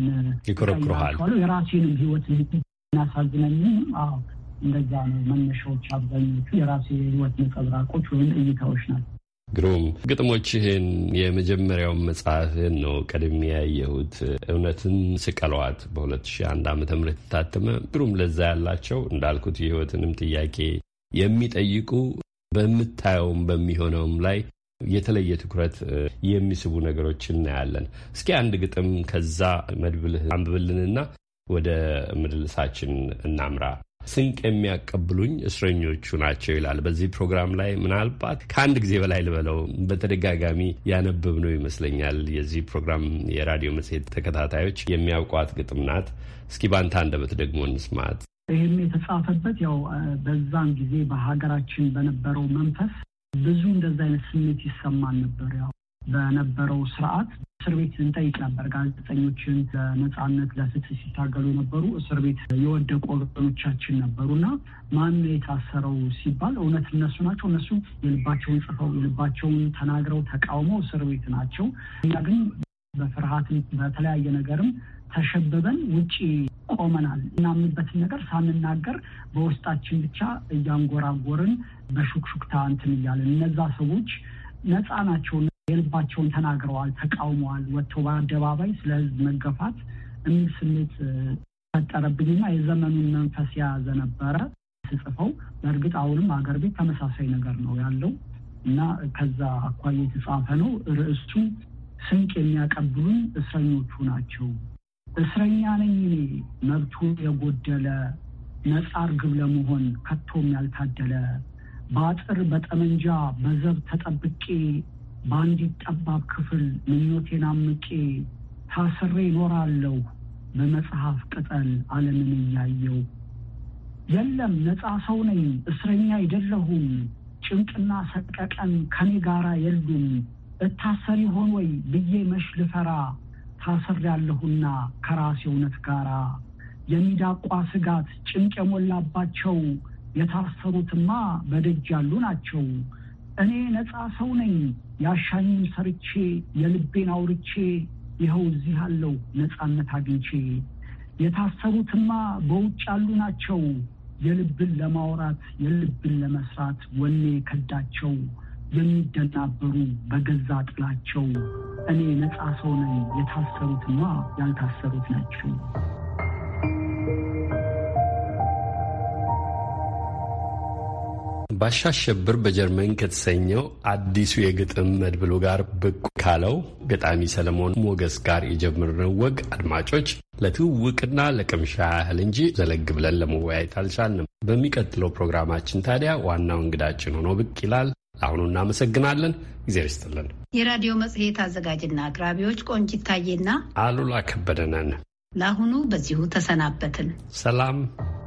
Speaker 5: ይኮረኩረዋል። የራሴንም ህይወት እናሳዝነኝም እንደዛ ነው። መነሻዎች አብዛኞቹ የራሴ ህይወት ነጸብራቆች ወይም
Speaker 2: እይታዎች ናቸው።
Speaker 3: ግሩም ግጥሞችህን የመጀመሪያውን መጽሐፍህን ነው ቀድሜ ያየሁት። እውነትን ስቀለዋት በ2001 ዓ ም የታተመ ግሩም ለዛ ያላቸው እንዳልኩት የህይወትንም ጥያቄ የሚጠይቁ በምታየውም በሚሆነውም ላይ የተለየ ትኩረት የሚስቡ ነገሮች እናያለን። እስኪ አንድ ግጥም ከዛ መድብልህ አንብብልንና ወደ ምድልሳችን እናምራ። ስንቅ የሚያቀብሉኝ እስረኞቹ ናቸው ይላል። በዚህ ፕሮግራም ላይ ምናልባት ከአንድ ጊዜ በላይ ልበለው በተደጋጋሚ ያነበብነው ይመስለኛል። የዚህ ፕሮግራም የራዲዮ መጽሔት ተከታታዮች የሚያውቋት ግጥም ናት። እስኪ ባንታ እንደበት ደግሞ እንስማት።
Speaker 5: ይህም የተጻፈበት ያው በዛን ጊዜ በሀገራችን በነበረው መንፈስ ብዙ እንደዛ አይነት ስሜት ይሰማን ነበር። ያው በነበረው ስርዓት እስር ቤት እንጠይቅ ነበር። ጋዜጠኞችን ለነጻነት ለፍትህ ሲታገሉ የነበሩ እስር ቤት የወደቁ ወገኖቻችን ነበሩና ማን የታሰረው ሲባል እውነት እነሱ ናቸው። እነሱ የልባቸውን ጽፈው የልባቸውን ተናግረው ተቃውመው እስር ቤት ናቸው። እኛ ግን በፍርሃት በተለያየ ነገርም ተሸብበን ውጪ ቆመናል። እናምንበትን ነገር ሳንናገር በውስጣችን ብቻ እያንጎራጎርን በሹክሹክታ እንትን እያለን እነዛ ሰዎች ነፃ ናቸው። የልባቸውን ተናግረዋል፣ ተቃውመዋል። ወጥቶ በአደባባይ ስለ ህዝብ መገፋት እምል ስሜት ፈጠረብኝና የዘመኑን መንፈስ የያዘ ነበረ ስጽፈው። በእርግጥ አሁንም አገር ቤት ተመሳሳይ ነገር ነው ያለው እና ከዛ አኳያ የተጻፈ ነው ርዕሱ ስንቅ የሚያቀብሉኝ እስረኞቹ ናቸው። እስረኛ ነኝ እኔ መብቱ የጎደለ ነጻ እርግብ ለመሆን ከቶም ያልታደለ በአጥር በጠመንጃ በዘብ ተጠብቄ በአንዲት ጠባብ ክፍል ምኞቴን አምቄ ታስሬ ይኖራለሁ በመጽሐፍ ቅጠል ዓለምን እያየው የለም ነፃ ሰው ነኝ እስረኛ አይደለሁም ጭንቅና ሰቀቀን ከኔ ጋራ የሉም እታሰር ይሆን ወይ ብዬ መሽ ልፈራ ታሰር ያለሁና ከራሴ እውነት ጋራ የሚዳቋ ስጋት ጭንቅ የሞላባቸው የታሰሩትማ በደጅ ያሉ ናቸው። እኔ ነፃ ሰው ነኝ ያሻኝም ሰርቼ የልቤን አውርቼ ይኸው እዚህ ያለው ነፃነት አግኝቼ የታሰሩትማ በውጭ ያሉ ናቸው የልብን ለማውራት የልብን ለመስራት ወኔ ከዳቸው የሚደናበሩ በገዛ ጥላቸው እኔ ነፃ ሰው ነኝ፣ የታሰሩትና ያልታሰሩት ናቸው።
Speaker 3: ባሻሸብር በጀርመን ከተሰኘው አዲሱ የግጥም መድብሉ ጋር ብቁ ካለው ገጣሚ ሰለሞን ሞገስ ጋር የጀመርነው ወግ አድማጮች ለትውውቅና ለቅምሻ ያህል እንጂ ዘለግ ብለን ለመወያየት አልቻልንም። በሚቀጥለው ፕሮግራማችን ታዲያ ዋናው እንግዳችን ሆኖ ብቅ ይላል። ለአሁኑ እናመሰግናለን። ጊዜ ይስጥልን።
Speaker 4: የራዲዮ መጽሔት አዘጋጅና አቅራቢዎች ቆንጅ ይታየና
Speaker 3: አሉላ ከበደነን
Speaker 4: ለአሁኑ በዚሁ ተሰናበትን።
Speaker 3: ሰላም